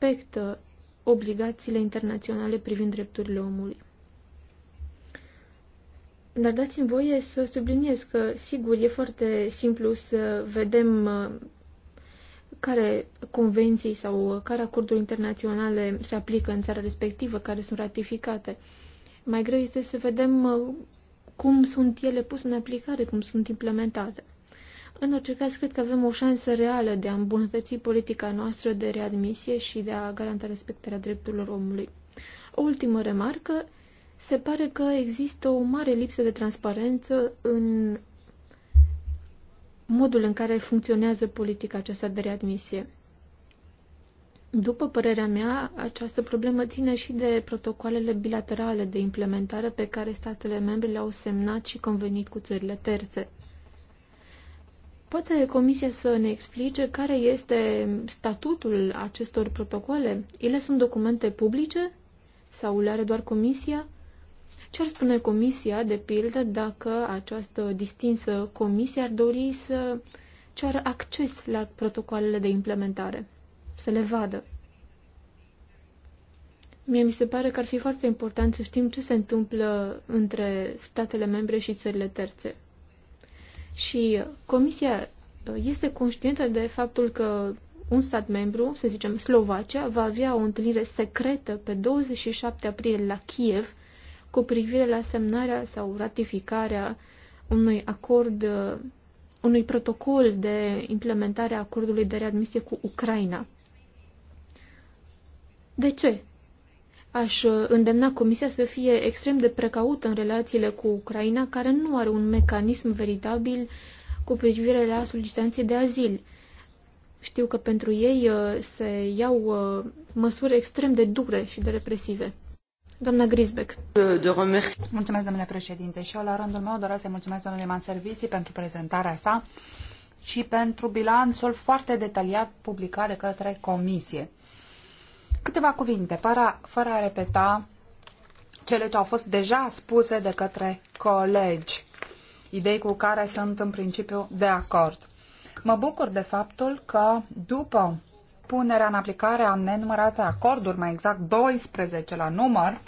respectă obligațiile internaționale privind drepturile omului. Dar dați-mi voie să subliniez că, sigur, e foarte simplu să vedem uh, care convenții sau care acorduri internaționale se aplică în țara respectivă, care sunt ratificate. Mai greu este să vedem uh, cum sunt ele puse în aplicare, cum sunt implementate. În orice caz, cred că avem o șansă reală de a îmbunătăți politica noastră de readmisie și de a garanta respectarea drepturilor omului. O ultimă remarcă, se pare că există o mare lipsă de transparență în modul în care funcționează politica aceasta de readmisie. După părerea mea, această problemă ține și de protocoalele bilaterale de implementare pe care statele membre le-au semnat și convenit cu țările terțe. Poate Comisia să ne explice care este statutul acestor protocoale? Ele sunt documente publice sau le are doar Comisia? Ce ar spune Comisia, de pildă, dacă această distinsă Comisie ar dori să ceară acces la protocoalele de implementare, să le vadă? Mie mi se pare că ar fi foarte important să știm ce se întâmplă între statele membre și țările terțe. Și Comisia uh, este conștientă de faptul că un stat membru, să zicem Slovacia, va avea o întâlnire secretă pe 27 aprilie la Kiev cu privire la semnarea sau ratificarea unui acord, uh, unui protocol de implementare a acordului de readmisie cu Ucraina. De ce Aș uh, îndemna Comisia să fie extrem de precaută în relațiile cu Ucraina, care nu are un mecanism veritabil cu privire la solicitanții de azil. Știu că pentru ei uh, se iau uh, măsuri extrem de dure și de represive. Doamna Grisbeck. Mulțumesc, domnule președinte, și eu la rândul meu doresc să-i mulțumesc domnului Manservisi pentru prezentarea sa și pentru bilanțul foarte detaliat publicat de către comisie. Câteva cuvinte, para, fără a repeta cele ce au fost deja spuse de către colegi, idei cu care sunt în principiu de acord. Mă bucur de faptul că după punerea în aplicare a nenumărate acorduri, mai exact 12 la număr,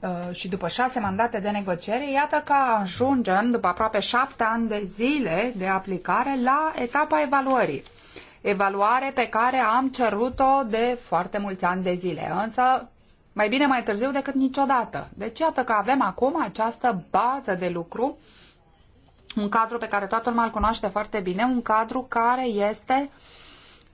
uh, și după șase mandate de negociere, iată că ajungem, după aproape șapte ani de zile de aplicare, la etapa evaluării evaluare pe care am cerut-o de foarte mulți ani de zile, însă mai bine mai târziu decât niciodată. Deci iată că avem acum această bază de lucru, un cadru pe care toată lumea îl cunoaște foarte bine, un cadru care este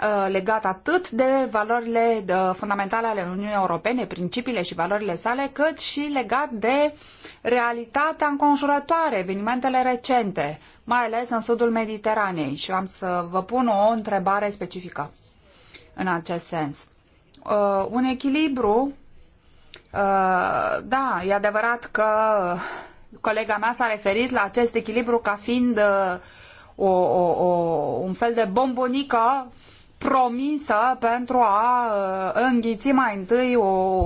uh, legat atât de valorile uh, fundamentale ale Uniunii Europene, principiile și valorile sale, cât și legat de realitatea înconjurătoare, evenimentele recente, mai ales în sudul Mediteranei și am să vă pun o întrebare specifică în acest sens. Uh, un echilibru, uh, da, e adevărat că colega mea s-a referit la acest echilibru ca fiind uh, o, o, o, un fel de bombonică promisă pentru a uh, înghiți mai întâi o,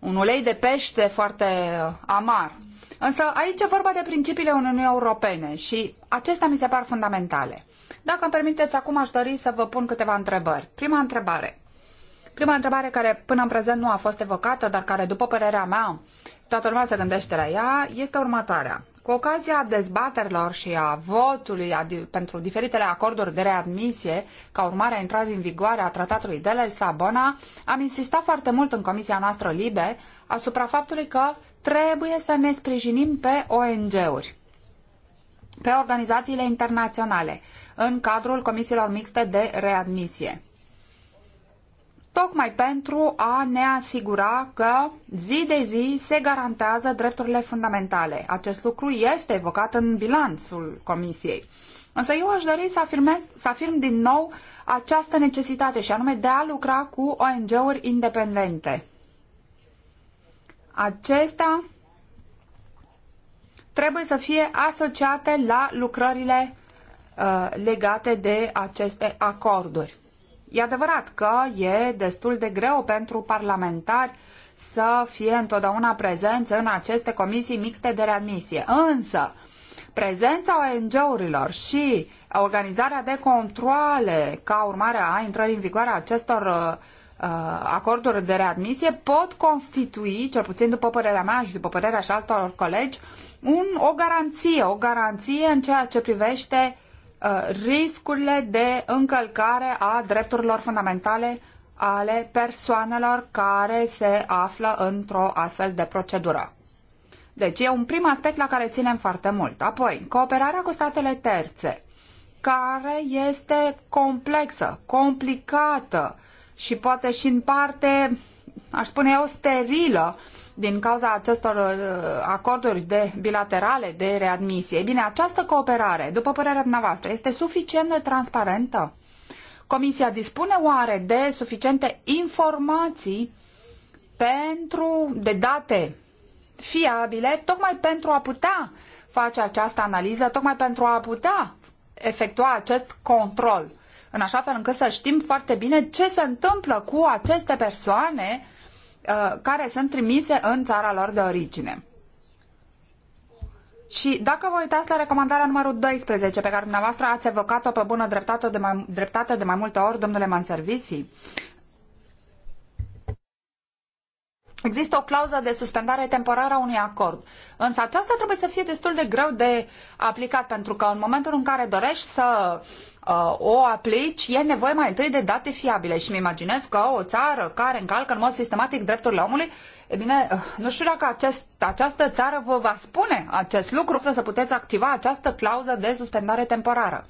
un ulei de pește foarte uh, amar. Însă aici e vorba de principiile Uniunii Europene și acestea mi se par fundamentale. Dacă îmi permiteți, acum aș dori să vă pun câteva întrebări. Prima întrebare. Prima întrebare care până în prezent nu a fost evocată, dar care, după părerea mea, toată lumea se gândește la ea, este următoarea. Cu ocazia dezbaterilor și a votului pentru diferitele acorduri de readmisie, ca urmare a intrării în vigoare a tratatului de la Lisabona, am insistat foarte mult în comisia noastră LIBE asupra faptului că trebuie să ne sprijinim pe ONG-uri, pe organizațiile internaționale, în cadrul comisiilor mixte de readmisie tocmai pentru a ne asigura că zi de zi se garantează drepturile fundamentale. Acest lucru este evocat în bilanțul Comisiei. Însă eu aș dori să, afirmez, să afirm din nou această necesitate și anume de a lucra cu ONG-uri independente. Acestea trebuie să fie asociate la lucrările uh, legate de aceste acorduri. E adevărat că e destul de greu pentru parlamentari să fie întotdeauna prezenți în aceste comisii mixte de readmisie. Însă, prezența ONG-urilor și organizarea de controle ca urmare a intrării în vigoare a acestor uh, uh, acorduri de readmisie pot constitui, cel puțin după părerea mea și după părerea și altor colegi, un, o garanție, o garanție în ceea ce privește uh, Uh, riscurile de încălcare a drepturilor fundamentale ale persoanelor care se află într-o astfel de procedură. Deci e un prim aspect la care ținem foarte mult. Apoi, cooperarea cu statele terțe, care este complexă, complicată și poate și în parte, aș spune eu, sterilă uh, din cauza acestor uh, acorduri de bilaterale de readmisie. Ei bine, această cooperare, după părerea dumneavoastră, este suficient de transparentă? Comisia dispune oare de suficiente informații pentru, de date fiabile, tocmai pentru a putea face această analiză, tocmai pentru a putea efectua acest control, în așa fel încât să știm foarte bine ce se întâmplă cu aceste persoane Uh, care sunt trimise în țara lor de origine. Și dacă vă uitați la recomandarea numărul 12, pe care dumneavoastră ați evocat-o pe bună dreptate de mai, dreptate de mai multe ori, domnule Manservici, Există o clauză de suspendare temporară a unui acord, însă aceasta trebuie să fie destul de greu de aplicat, pentru că în momentul în care dorești să uh, o aplici, e nevoie mai întâi de date fiabile și mi imaginez că o țară care încalcă în mod sistematic drepturile omului, e bine, uh, nu știu dacă acest, această țară vă va spune acest lucru, fără să puteți activa această clauză de suspendare temporară.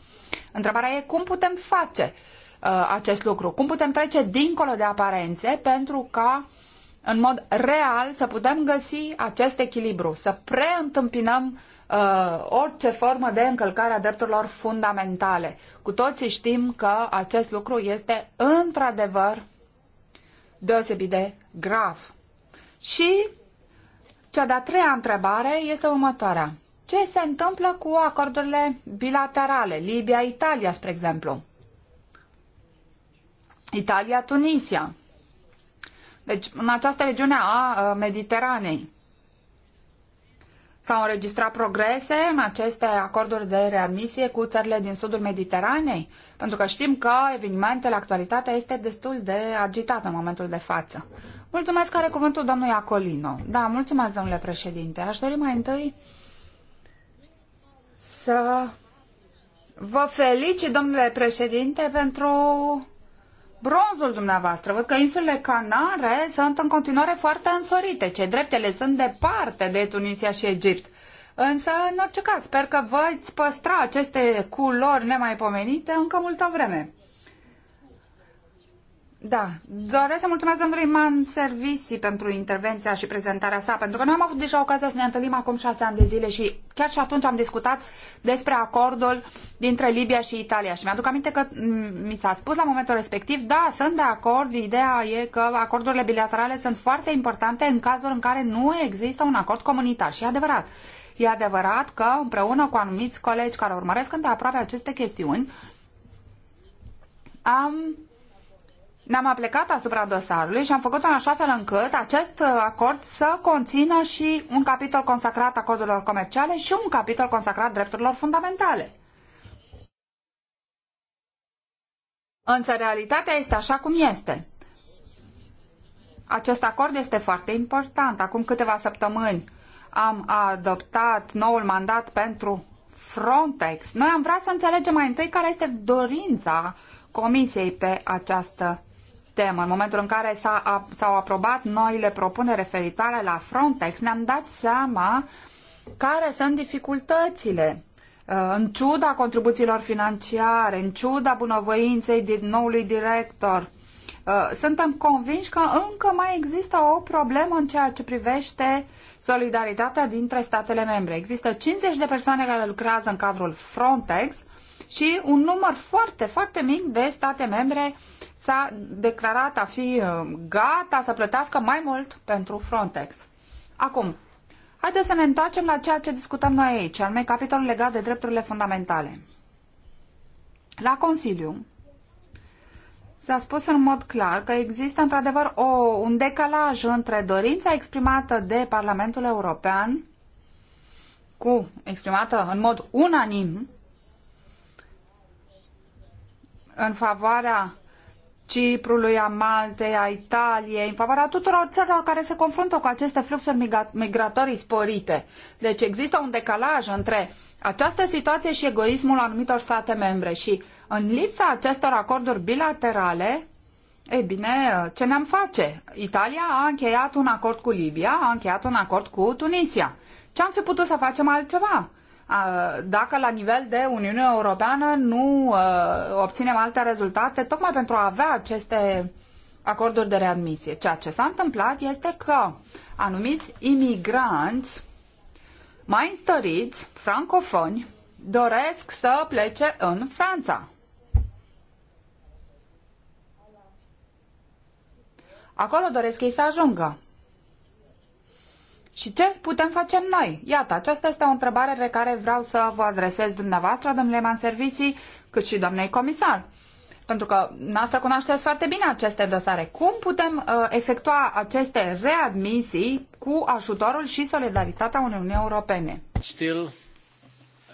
Întrebarea e cum putem face uh, acest lucru, cum putem trece dincolo de aparențe pentru ca uh, în mod real să putem găsi acest echilibru, să preîntâmpinăm uh, orice formă de încălcare a drepturilor fundamentale. Cu toții știm că acest lucru este într-adevăr deosebit de grav. Și cea de-a treia întrebare este următoarea. Ce se întâmplă cu acordurile bilaterale, Libia-Italia, spre exemplu? Italia-Tunisia. Deci, în această regiune a Mediteranei s-au înregistrat progrese în aceste acorduri de readmisie cu țările din sudul Mediteranei? Pentru că știm că evenimentele, actualitatea este destul de agitată în momentul de față. Mulțumesc, are cuvântul domnului Acolino. Da, mulțumesc, domnule președinte. Aș dori mai întâi să vă felicit, domnule președinte, pentru bronzul dumneavoastră. Văd că insulele Canare sunt în continuare foarte însorite. Ce dreptele sunt departe de Tunisia și Egipt. Însă, în orice caz, sper că vă păstra aceste culori nemaipomenite încă multă vreme. Da, doresc să mulțumesc domnului Man Servisi pentru intervenția și prezentarea sa, pentru că noi am avut deja ocazia să ne întâlnim acum șase ani de zile și chiar și atunci am discutat despre acordul dintre Libia și Italia și mi-aduc aminte că mm, mi s-a spus la momentul respectiv, da, sunt de acord, ideea e că acordurile bilaterale sunt foarte importante în cazul în care nu există un acord comunitar și e adevărat. E adevărat că împreună cu anumiți colegi care urmăresc îndeaproape aceste chestiuni, am ne-am aplecat asupra dosarului și am făcut-o în așa fel încât acest uh, acord să conțină și un capitol consacrat acordurilor comerciale și un capitol consacrat drepturilor fundamentale. Însă realitatea este așa cum este. Acest acord este foarte important. Acum câteva săptămâni am adoptat noul mandat pentru Frontex. Noi am vrea să înțelegem mai întâi care este dorința Comisiei pe această temă, în momentul în care s-au aprobat noile propuneri referitoare la Frontex, ne-am dat seama care sunt dificultățile uh, în ciuda contribuțiilor financiare, în ciuda bunăvoinței din noului director, uh, suntem convinși că încă mai există o problemă în ceea ce privește solidaritatea dintre statele membre. Există 50 de persoane care lucrează în cadrul Frontex și un număr foarte, foarte mic de state membre s-a declarat a fi uh, gata să plătească mai mult pentru Frontex. Acum, haideți să ne întoarcem la ceea ce discutăm noi aici, anume capitolul legat de drepturile fundamentale. La Consiliu s-a spus în mod clar că există într-adevăr o, un decalaj între dorința exprimată de Parlamentul European cu exprimată în mod unanim în favoarea Ciprului, a Maltei, a Italiei, în favoarea tuturor țărilor care se confruntă cu aceste fluxuri migratorii sporite. Deci există un decalaj între această situație și egoismul anumitor state membre și în lipsa acestor acorduri bilaterale, e bine, ce ne-am face? Italia a încheiat un acord cu Libia, a încheiat un acord cu Tunisia. Ce am fi putut să facem altceva? dacă la nivel de Uniune Europeană nu uh, obținem alte rezultate, tocmai pentru a avea aceste acorduri de readmisie. Ceea ce s-a întâmplat este că anumiți imigranți mai înstăriți, francofoni, doresc să plece în Franța. Acolo doresc ei să ajungă. Și ce putem face noi? Iată, aceasta este o întrebare pe care vreau să vă adresez dumneavoastră, domnule Servicii, cât și doamnei comisar. Pentru că noastră cunoașteți foarte bine aceste dosare. Cum putem uh, efectua aceste readmisii cu ajutorul și solidaritatea Uniunii Europene? Still,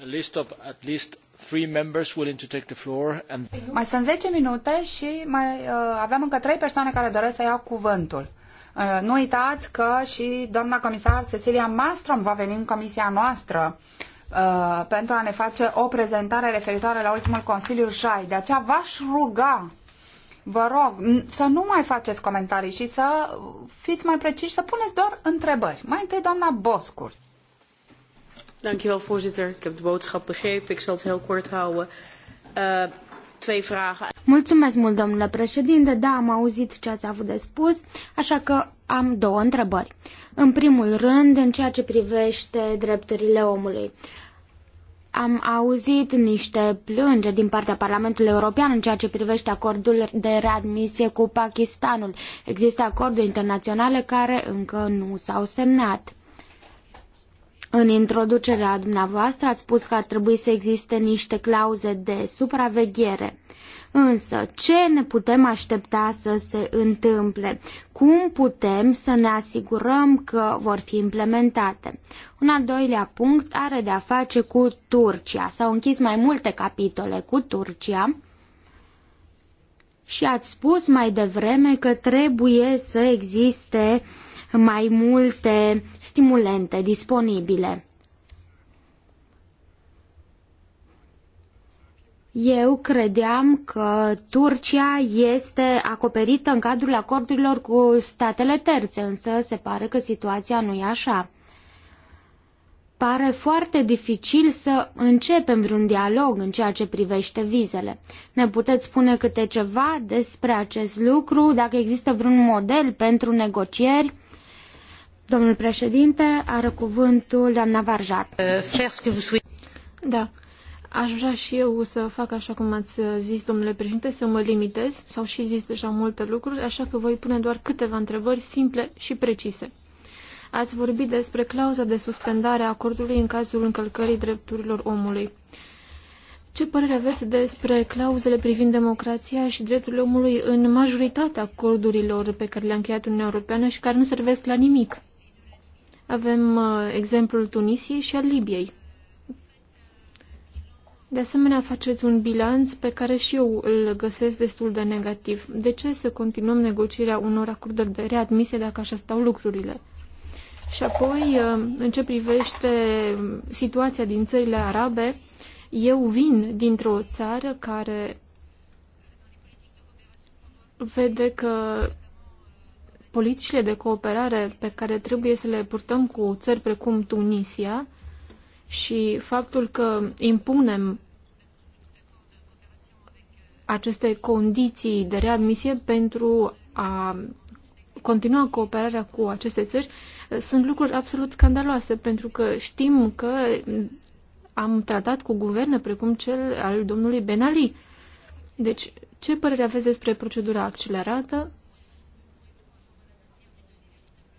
a list of at least three members willing to take the floor and... Mai sunt 10 minute și mai uh, avem încă 3 persoane care doresc să iau cuvântul. Uh, nu uitați că și doamna comisar Cecilia Mastrom va veni în comisia noastră uh, pentru a ne face o prezentare referitoare la ultimul Consiliu JAI. De aceea v-aș ruga vă rog să nu mai faceți comentarii și să fiți mai preciși, să puneți doar întrebări. Mai întâi, doamna Boscur. Dankjewel, voorzitter. Ik heb de boodschap begrepen. Ik zal het heel kort houden. Uh, Mulțumesc mult, domnule președinte. Da, am auzit ce ați avut de spus, așa că am două întrebări. În primul rând, în ceea ce privește drepturile omului. Am auzit niște plângeri din partea Parlamentului European în ceea ce privește acordul de readmisie cu Pakistanul. Există acorduri internaționale care încă nu s-au semnat. În introducerea dumneavoastră ați spus că ar trebui să existe niște clauze de supraveghere. Însă, ce ne putem aștepta să se întâmple? Cum putem să ne asigurăm că vor fi implementate? Un al doilea punct are de-a face cu Turcia. S-au închis mai multe capitole cu Turcia și ați spus mai devreme că trebuie să existe uh, mai multe stimulente disponibile. Eu credeam că Turcia este acoperită în cadrul acordurilor cu statele terțe, însă se pare că situația nu e așa. Pare foarte dificil să începem vreun dialog în ceea ce privește vizele. Ne puteți spune câte ceva despre acest lucru, dacă există vreun model pentru negocieri? Domnul președinte, are cuvântul doamna Varjat. Euh, da. Aș vrea și eu să fac așa cum ați uh, zis, domnule președinte, să mă limitez. S-au și zis deja multe lucruri, așa că voi pune doar câteva întrebări simple și precise. Ați vorbit despre clauza de suspendare a acordului în cazul încălcării drepturilor omului. Ce părere aveți despre clauzele privind democrația și drepturile omului în majoritatea acordurilor pe care le-a încheiat Uniunea Europeană și care nu servesc la nimic? Avem uh, exemplul Tunisiei și al Libiei. De asemenea, faceți un bilanț pe care și eu îl găsesc destul de negativ. De ce să continuăm negocierea unor acorduri de readmisie dacă așa stau lucrurile? Și apoi, uh, în ce privește situația din țările arabe, eu vin dintr-o țară care vede că politicile de cooperare pe care trebuie să le purtăm cu țări precum Tunisia și faptul că impunem aceste condiții de readmisie pentru a continua cooperarea cu aceste țări sunt lucruri absolut scandaloase, pentru că știm că am tratat cu guverne precum cel al domnului Ben Ali. Deci, ce părere aveți despre procedura accelerată?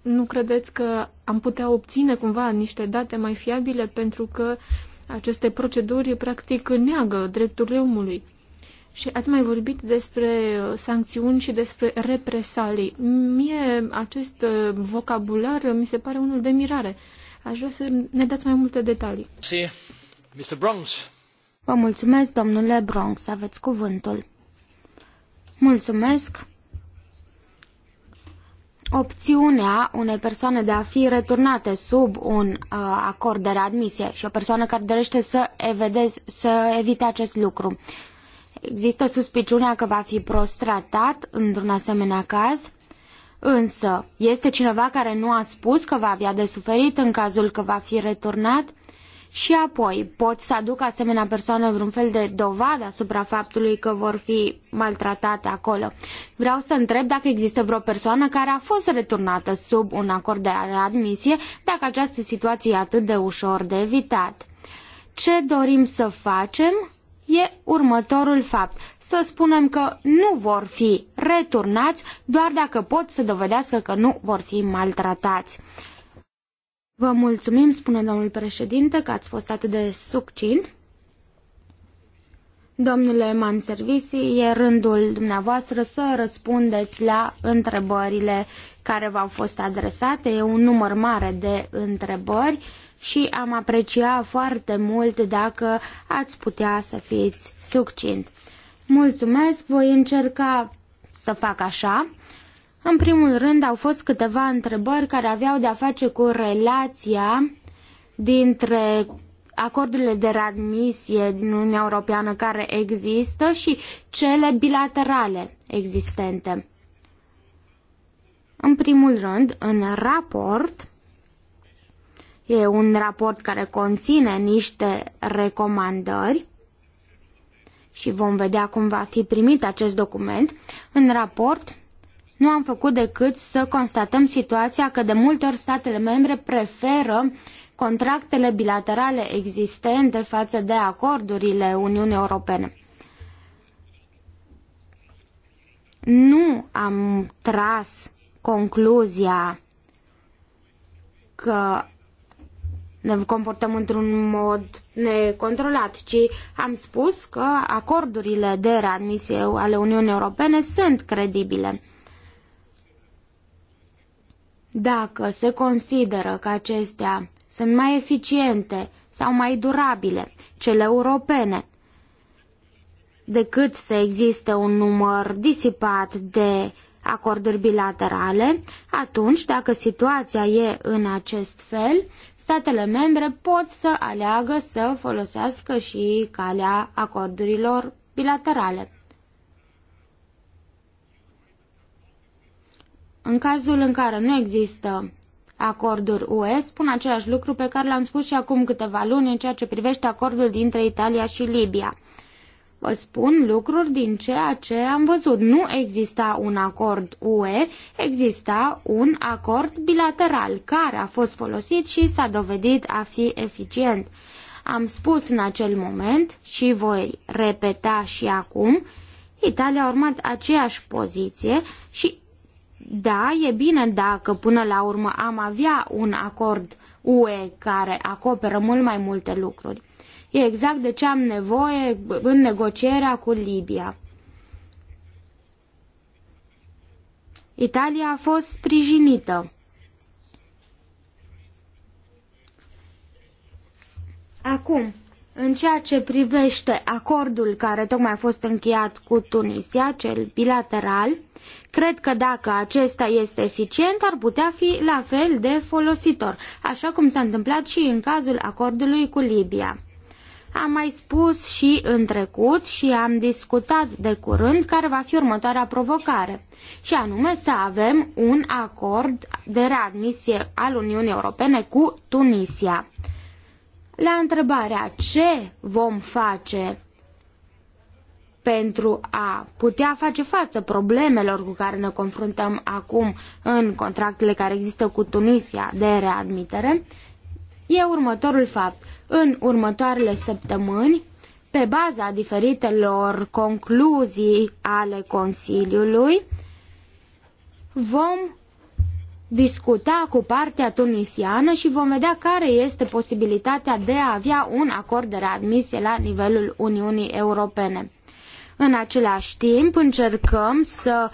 nu credeți că am putea obține cumva niște date mai fiabile pentru că aceste proceduri practic neagă drepturile omului? Și ați mai vorbit despre uh, sancțiuni și despre represalii. Mie acest uh, vocabular uh, mi se pare unul de mirare. Aș vrea să ne dați mai multe detalii. Si, Mr. Bronx. Vă mulțumesc, domnule Bronx. Aveți cuvântul. Mulțumesc opțiunea unei persoane de a fi returnate sub un uh, acord de readmisie și o persoană care dorește să, evedez, să evite acest lucru. Există suspiciunea că va fi prostratat într-un asemenea caz, însă este cineva care nu a spus că va avea de suferit în cazul că va fi returnat? Și apoi pot să aduc asemenea persoană vreun fel de dovadă asupra faptului că vor fi maltratate acolo. Vreau să întreb dacă există vreo persoană care a fost returnată sub un acord de readmisie, dacă această situație e atât de ușor de evitat. Ce dorim să facem e următorul fapt. Să spunem că nu vor fi returnați doar dacă pot să dovedească că nu vor fi maltratați. Vă mulțumim, spune domnul președinte, că ați fost atât de succint. Domnule Manservisi, e rândul dumneavoastră să răspundeți la întrebările care v-au fost adresate. E un număr mare de întrebări și am aprecia foarte mult dacă ați putea să fiți succint. Mulțumesc, voi încerca să fac așa. În primul rând au fost câteva întrebări care aveau de-a face cu relația dintre acordurile de readmisie din Uniunea Europeană care există și cele bilaterale existente. În primul rând, în raport, e un raport care conține niște recomandări și vom vedea cum va fi primit acest document. În raport nu am făcut decât să constatăm situația că de multe ori statele membre preferă contractele bilaterale existente față de acordurile Uniunii Europene. Nu am tras concluzia că ne comportăm într-un mod necontrolat, ci am spus că acordurile de readmisie ale Uniunii Europene sunt credibile. Dacă se consideră că acestea sunt mai eficiente sau mai durabile, cele europene, decât să existe un număr disipat de acorduri bilaterale, atunci, dacă situația e în acest fel, statele membre pot să aleagă să folosească și calea acordurilor bilaterale. În cazul în care nu există acorduri UE, spun același lucru pe care l-am spus și acum câteva luni în ceea ce privește acordul dintre Italia și Libia. Vă spun lucruri din ceea ce am văzut. Nu exista un acord UE, exista un acord bilateral care a fost folosit și s-a dovedit a fi eficient. Am spus în acel moment și voi repeta și acum Italia a urmat aceeași poziție și da, e bine dacă până la urmă am avea un acord UE care acoperă mult mai multe lucruri. E exact de ce am nevoie în negocierea cu Libia. Italia a fost sprijinită. Acum, în ceea ce privește acordul care tocmai a fost încheiat cu Tunisia, cel bilateral, cred că dacă acesta este eficient, ar putea fi la fel de folositor, așa cum s-a întâmplat și în cazul acordului cu Libia. Am mai spus și în trecut și am discutat de curând care va fi următoarea provocare, și anume să avem un acord de readmisie al Uniunii Europene cu Tunisia. La întrebarea ce vom face pentru a putea face față problemelor cu care ne confruntăm acum în contractele care există cu Tunisia de readmitere, e următorul fapt. În următoarele săptămâni, pe baza diferitelor concluzii ale Consiliului, vom discuta cu partea tunisiană și vom vedea care este posibilitatea de a avea un acord de readmisie la nivelul Uniunii Europene. În același timp, încercăm să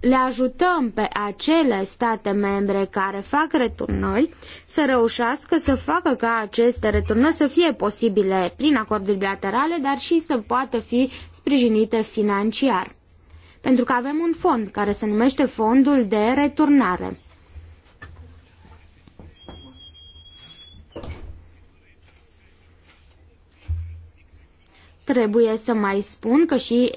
le ajutăm pe acele state membre care fac returnări să reușească să facă ca aceste returnări să fie posibile prin acorduri bilaterale, dar și să poată fi sprijinite financiar. Pentru că avem un fond care se numește Fondul de Returnare. Trebuie să mai spun că și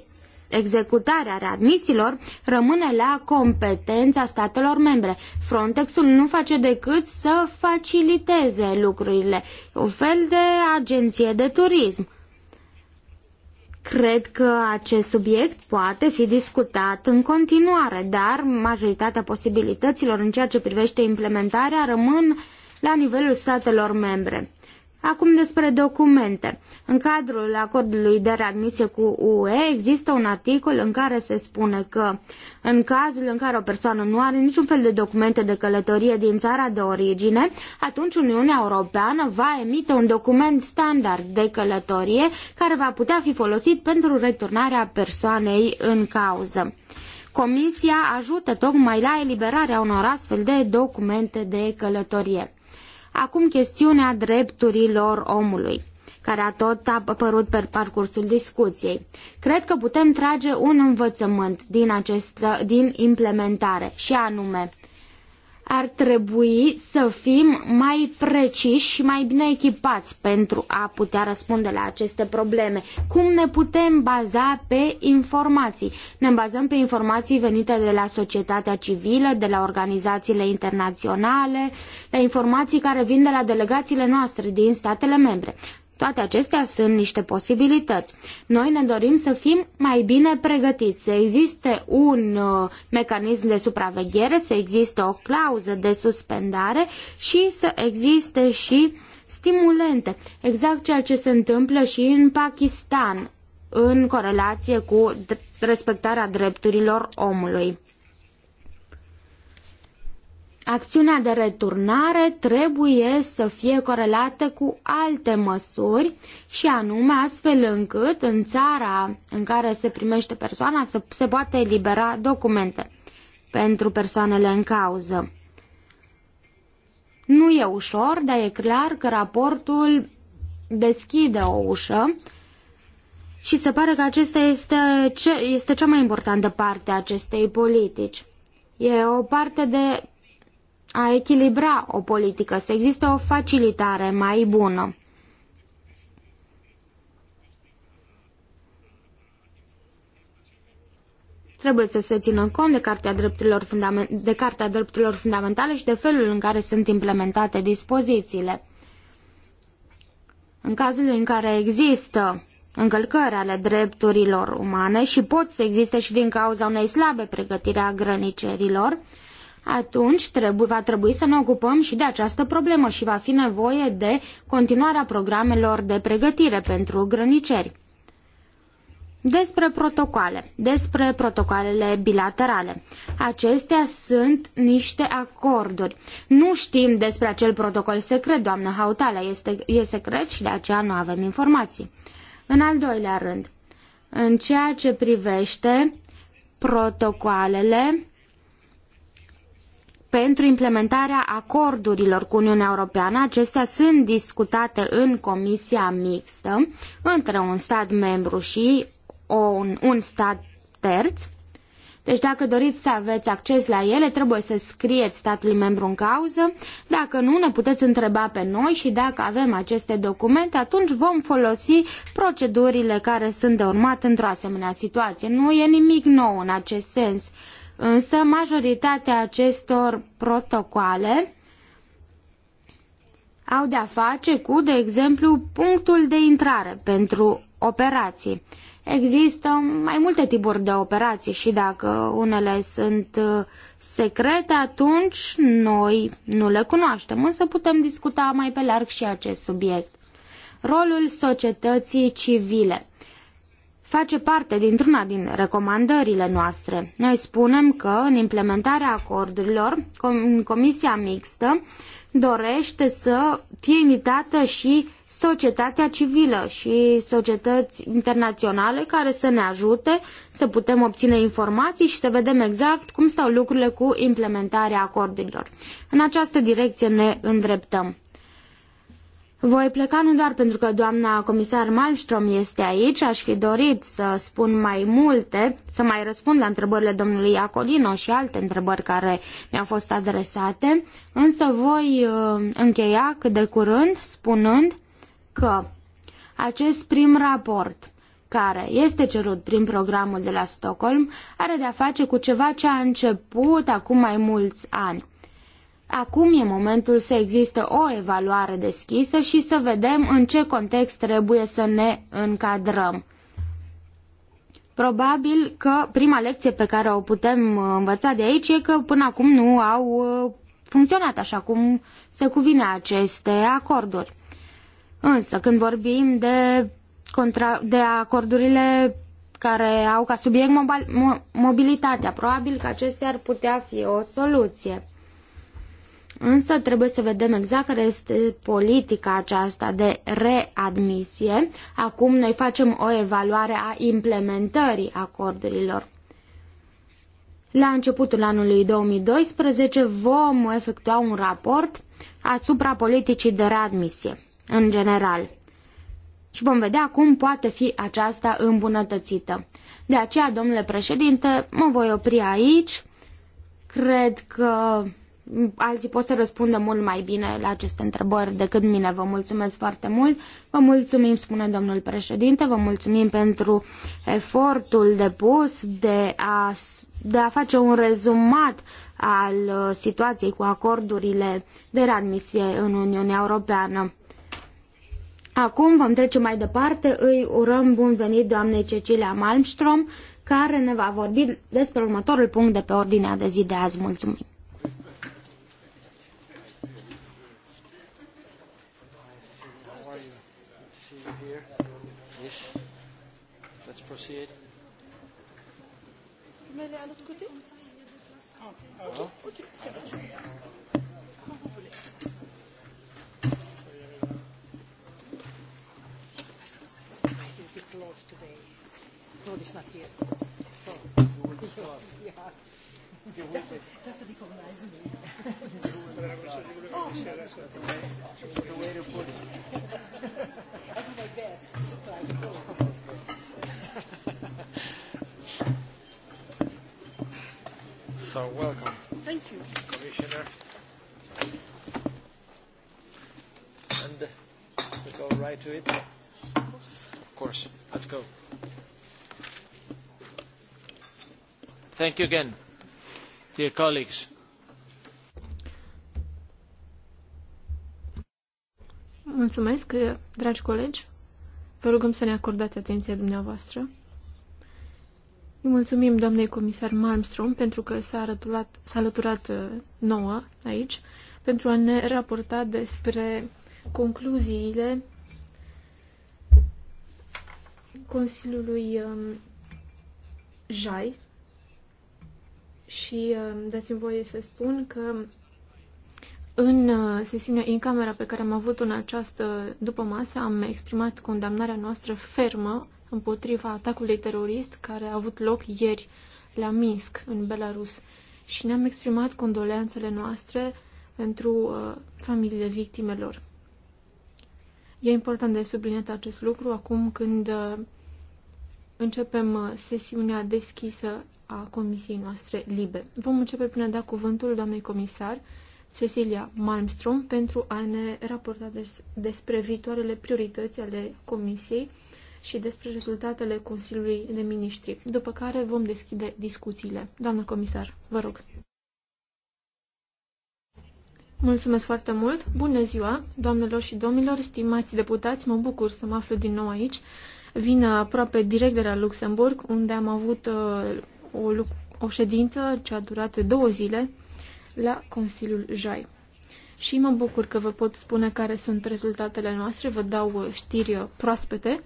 executarea readmisilor rămâne la competența statelor membre. Frontexul nu face decât să faciliteze lucrurile, un fel de agenție de turism. Cred că acest subiect poate fi discutat în continuare, dar majoritatea posibilităților în ceea ce privește implementarea rămân la nivelul statelor membre. Acum despre documente. În cadrul acordului de readmisie cu UE există un articol în care se spune că în cazul în care o persoană nu are niciun fel de documente de călătorie din țara de origine, atunci Uniunea Europeană va emite un document standard de călătorie care va putea fi folosit pentru returnarea persoanei în cauză. Comisia ajută tocmai la eliberarea unor astfel de documente de călătorie. Acum chestiunea drepturilor omului care a tot apărut pe parcursul discuției. Cred că putem trage un învățământ din, acest, din implementare și anume ar trebui să fim mai preciși și mai bine echipați pentru a putea răspunde la aceste probleme. Cum ne putem baza pe informații? Ne bazăm pe informații venite de la societatea civilă, de la organizațiile internaționale, la informații care vin de la delegațiile noastre din statele membre. Toate acestea sunt niște posibilități. Noi ne dorim să fim mai bine pregătiți, să existe un uh, mecanism de supraveghere, să existe o clauză de suspendare și să existe și stimulente. Exact ceea ce se întâmplă și în Pakistan, în corelație cu respectarea drepturilor omului acțiunea de returnare trebuie să fie corelată cu alte măsuri și anume astfel încât în țara în care se primește persoana să se poată elibera documente pentru persoanele în cauză. Nu e ușor, dar e clar că raportul deschide o ușă și se pare că acesta este, ce, este cea mai importantă parte a acestei politici. E o parte de a echilibra o politică, să existe o facilitare mai bună. Trebuie să se țină cont de Cartea Drepturilor, de Cartea Drepturilor Fundamentale și de felul în care sunt implementate dispozițiile. În cazul în care există încălcări ale drepturilor umane și pot să existe și din cauza unei slabe pregătire a grănicerilor, atunci trebuie, va trebui să ne ocupăm și de această problemă și va fi nevoie de continuarea programelor de pregătire pentru grăniceri. Despre protocoale, despre protocoalele bilaterale. Acestea sunt niște acorduri. Nu știm despre acel protocol secret, doamnă Hautala, este, e secret și de aceea nu avem informații. În al doilea rând, în ceea ce privește protocoalele pentru implementarea acordurilor cu Uniunea Europeană. Acestea sunt discutate în comisia mixtă între un stat membru și un, un stat terț. Deci dacă doriți să aveți acces la ele, trebuie să scrieți statului membru în cauză. Dacă nu, ne puteți întreba pe noi și dacă avem aceste documente, atunci vom folosi procedurile care sunt de urmat într-o asemenea situație. Nu e nimic nou în acest sens. Uh, Însă majoritatea acestor protocoale au de-a face cu, de exemplu, punctul de intrare pentru operații. Există mai multe tipuri de operații și dacă unele sunt uh, secrete, atunci noi nu le cunoaștem, însă putem discuta mai pe larg și acest subiect. Rolul societății civile face parte dintr-una din recomandările noastre. Noi spunem că în implementarea acordurilor, Comisia Mixtă dorește să fie invitată și societatea civilă și societăți internaționale care să ne ajute să putem obține informații și să vedem exact cum stau lucrurile cu implementarea acordurilor. În această direcție ne îndreptăm. Voi pleca nu doar pentru că doamna comisar Malmström este aici, aș fi dorit să spun mai multe, să mai răspund la întrebările domnului Iacolino și alte întrebări care mi-au fost adresate, însă voi uh, încheia cât de curând spunând că acest prim raport care este cerut prin programul de la Stockholm, are de-a face cu ceva ce a început acum mai mulți ani acum e momentul să existe o evaluare deschisă și să vedem în ce context trebuie să ne încadrăm. Probabil că prima lecție pe care o putem uh, învăța de aici e că până acum nu au uh, funcționat așa cum se cuvine aceste acorduri. Însă, când vorbim de, contra, de acordurile care au ca subiect mobilitatea, probabil că acestea ar putea fi o soluție. Însă trebuie să vedem exact care este politica aceasta de readmisie. Acum noi facem o evaluare a implementării acordurilor. La începutul anului 2012 vom efectua un raport asupra politicii de readmisie, în general. Și vom vedea cum poate fi aceasta îmbunătățită. De aceea, domnule președinte, mă voi opri aici. Cred că alții pot să răspundă mult mai bine la aceste întrebări decât mine. Vă mulțumesc foarte mult. Vă mulțumim, spune domnul președinte, vă mulțumim pentru efortul depus de a, de a face un rezumat al uh, situației cu acordurile de readmisie în Uniunea Europeană. Acum vom trece mai departe. Îi urăm bun venit doamnei Cecilia Malmström, care ne va vorbi despre următorul punct de pe ordinea de zi de azi. Mulțumim! aller à l'autre côté ah, Ok, okay très bien, je vous Quand vous voulez. Claude today. Claude is not here. So, yeah. So welcome. Thank you. Commissioner. And we go right to it. Of course. Of course. Let's go. Thank you again, dear colleagues. Mulțumesc, dragi colegi. Vă rugăm să ne acordați atenția dumneavoastră. Îi mulțumim doamnei comisar Malmström pentru că s-a alăturat, s-a alăturat uh, nouă aici pentru a ne raporta despre concluziile Consiliului um, JAI și um, dați-mi voie să spun că în uh, sesiunea în camera pe care am avut-o în această după masă am exprimat condamnarea noastră fermă împotriva atacului terorist care a avut loc ieri la Minsk, în Belarus. Și ne-am exprimat condoleanțele noastre pentru uh, familiile victimelor. E important de subliniat acest lucru acum când uh, începem uh, sesiunea deschisă a comisiei noastre libe. Vom începe prin a da cuvântul doamnei comisar Cecilia Malmström pentru a ne raporta des- despre viitoarele priorități ale comisiei și despre rezultatele Consiliului de Ministri, după care vom deschide discuțiile. Doamnă comisar, vă rog. Mulțumesc foarte mult! Bună ziua, doamnelor și domnilor, stimați deputați, mă bucur să mă aflu din nou aici. Vin aproape direct de la Luxemburg, unde am avut uh, o, o ședință ce a durat două zile la Consiliul Jai. Și mă bucur că vă pot spune care sunt rezultatele noastre, vă dau uh, știri uh, proaspete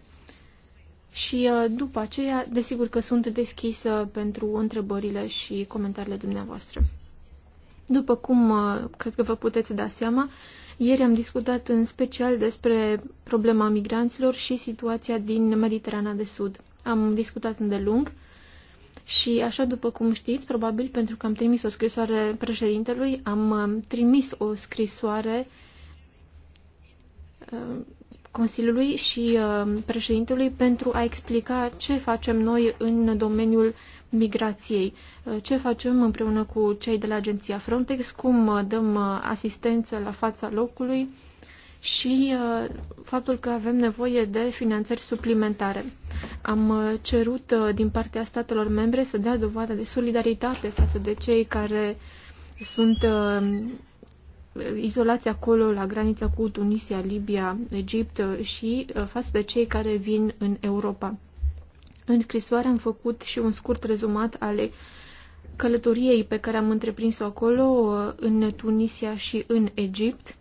și uh, după aceea, desigur că sunt deschisă pentru întrebările și comentariile dumneavoastră. După cum uh, cred că vă puteți da seama, ieri am discutat în special despre problema migranților și situația din Mediterana de Sud. Am discutat îndelung și așa după cum știți, probabil pentru că am trimis o scrisoare președintelui, am uh, trimis o scrisoare Consiliului și uh, președintelui pentru a explica ce facem noi în domeniul migrației, uh, ce facem împreună cu cei de la agenția Frontex, cum uh, dăm asistență la fața locului și faptul că avem nevoie de finanțări suplimentare. Am cerut din partea statelor membre să dea dovadă de solidaritate față de cei care sunt izolați acolo la granița cu Tunisia, Libia, Egipt uh, și uh, față de cei care vin în Europa. În scrisoare am făcut și un scurt rezumat ale călătoriei pe care am întreprins-o acolo, uh, în Tunisia și în Egipt.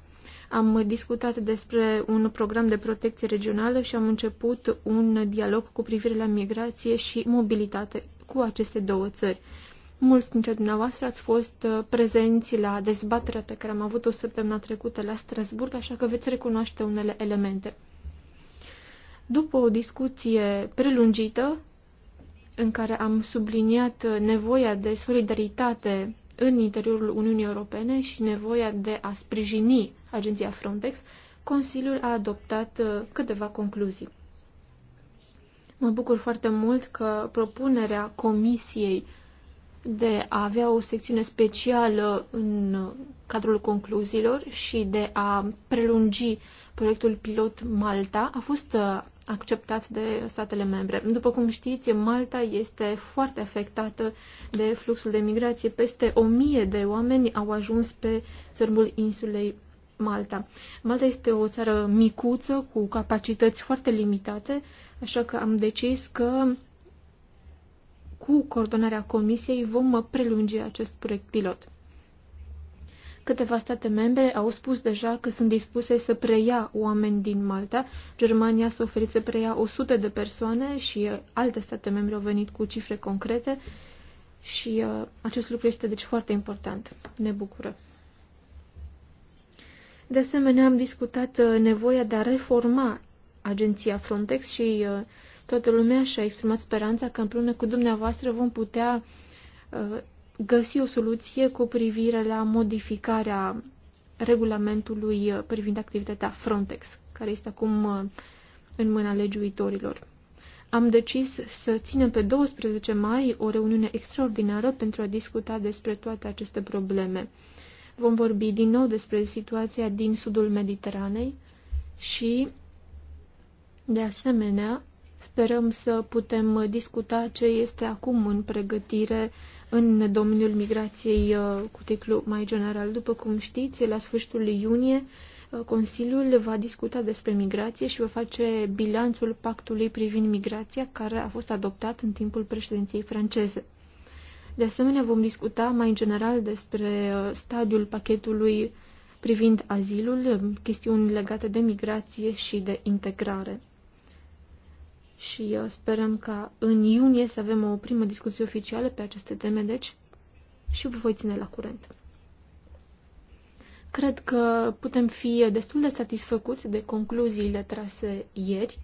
Am discutat despre un program de protecție regională și am început un dialog cu privire la migrație și mobilitate cu aceste două țări. Mulți dintre dumneavoastră ați fost uh, prezenți la dezbaterea pe care am avut-o săptămâna trecută la Strasburg, așa că veți recunoaște unele elemente. După o discuție prelungită, în care am subliniat uh, nevoia de solidaritate în interiorul Uniunii Europene și nevoia de a sprijini agenția Frontex, Consiliul a adoptat uh, câteva concluzii. Mă bucur foarte mult că propunerea Comisiei de a avea o secțiune specială în cadrul concluziilor și de a prelungi proiectul pilot Malta a fost uh, acceptat de statele membre. După cum știți, Malta este foarte afectată de fluxul de migrație. Peste o mie de oameni au ajuns pe țărmul insulei Malta. Malta este o țară micuță cu capacități foarte limitate, așa că am decis că cu coordonarea Comisiei vom uh, prelungi acest proiect pilot. Câteva state membre au spus deja că sunt dispuse să preia oameni din Malta. Germania s-a oferit să preia 100 de persoane și uh, alte state membre au venit cu cifre concrete și uh, acest lucru este deci foarte important. Ne bucură. De asemenea, am discutat uh, nevoia de a reforma agenția Frontex și uh, Toată lumea și-a exprimat speranța că împreună cu dumneavoastră vom putea uh, găsi o soluție cu privire la modificarea regulamentului uh, privind activitatea Frontex, care este acum uh, în mâna legiuitorilor. Am decis să ținem pe 12 mai o reuniune extraordinară pentru a discuta despre toate aceste probleme. Vom vorbi din nou despre situația din sudul Mediteranei și, de asemenea, Sperăm să putem discuta ce este acum în pregătire în domeniul migrației uh, cu titlu mai general. După cum știți, la sfârșitul iunie, uh, Consiliul va discuta despre migrație și va face bilanțul pactului privind migrația, care a fost adoptat în timpul președinției franceze. De asemenea, vom discuta mai general despre uh, stadiul pachetului privind azilul, chestiuni legate de migrație și de integrare și uh, sperăm ca în iunie să avem o primă discuție oficială pe aceste teme, deci, și vă voi ține la curent. Cred că putem fi destul de satisfăcuți de concluziile trase ieri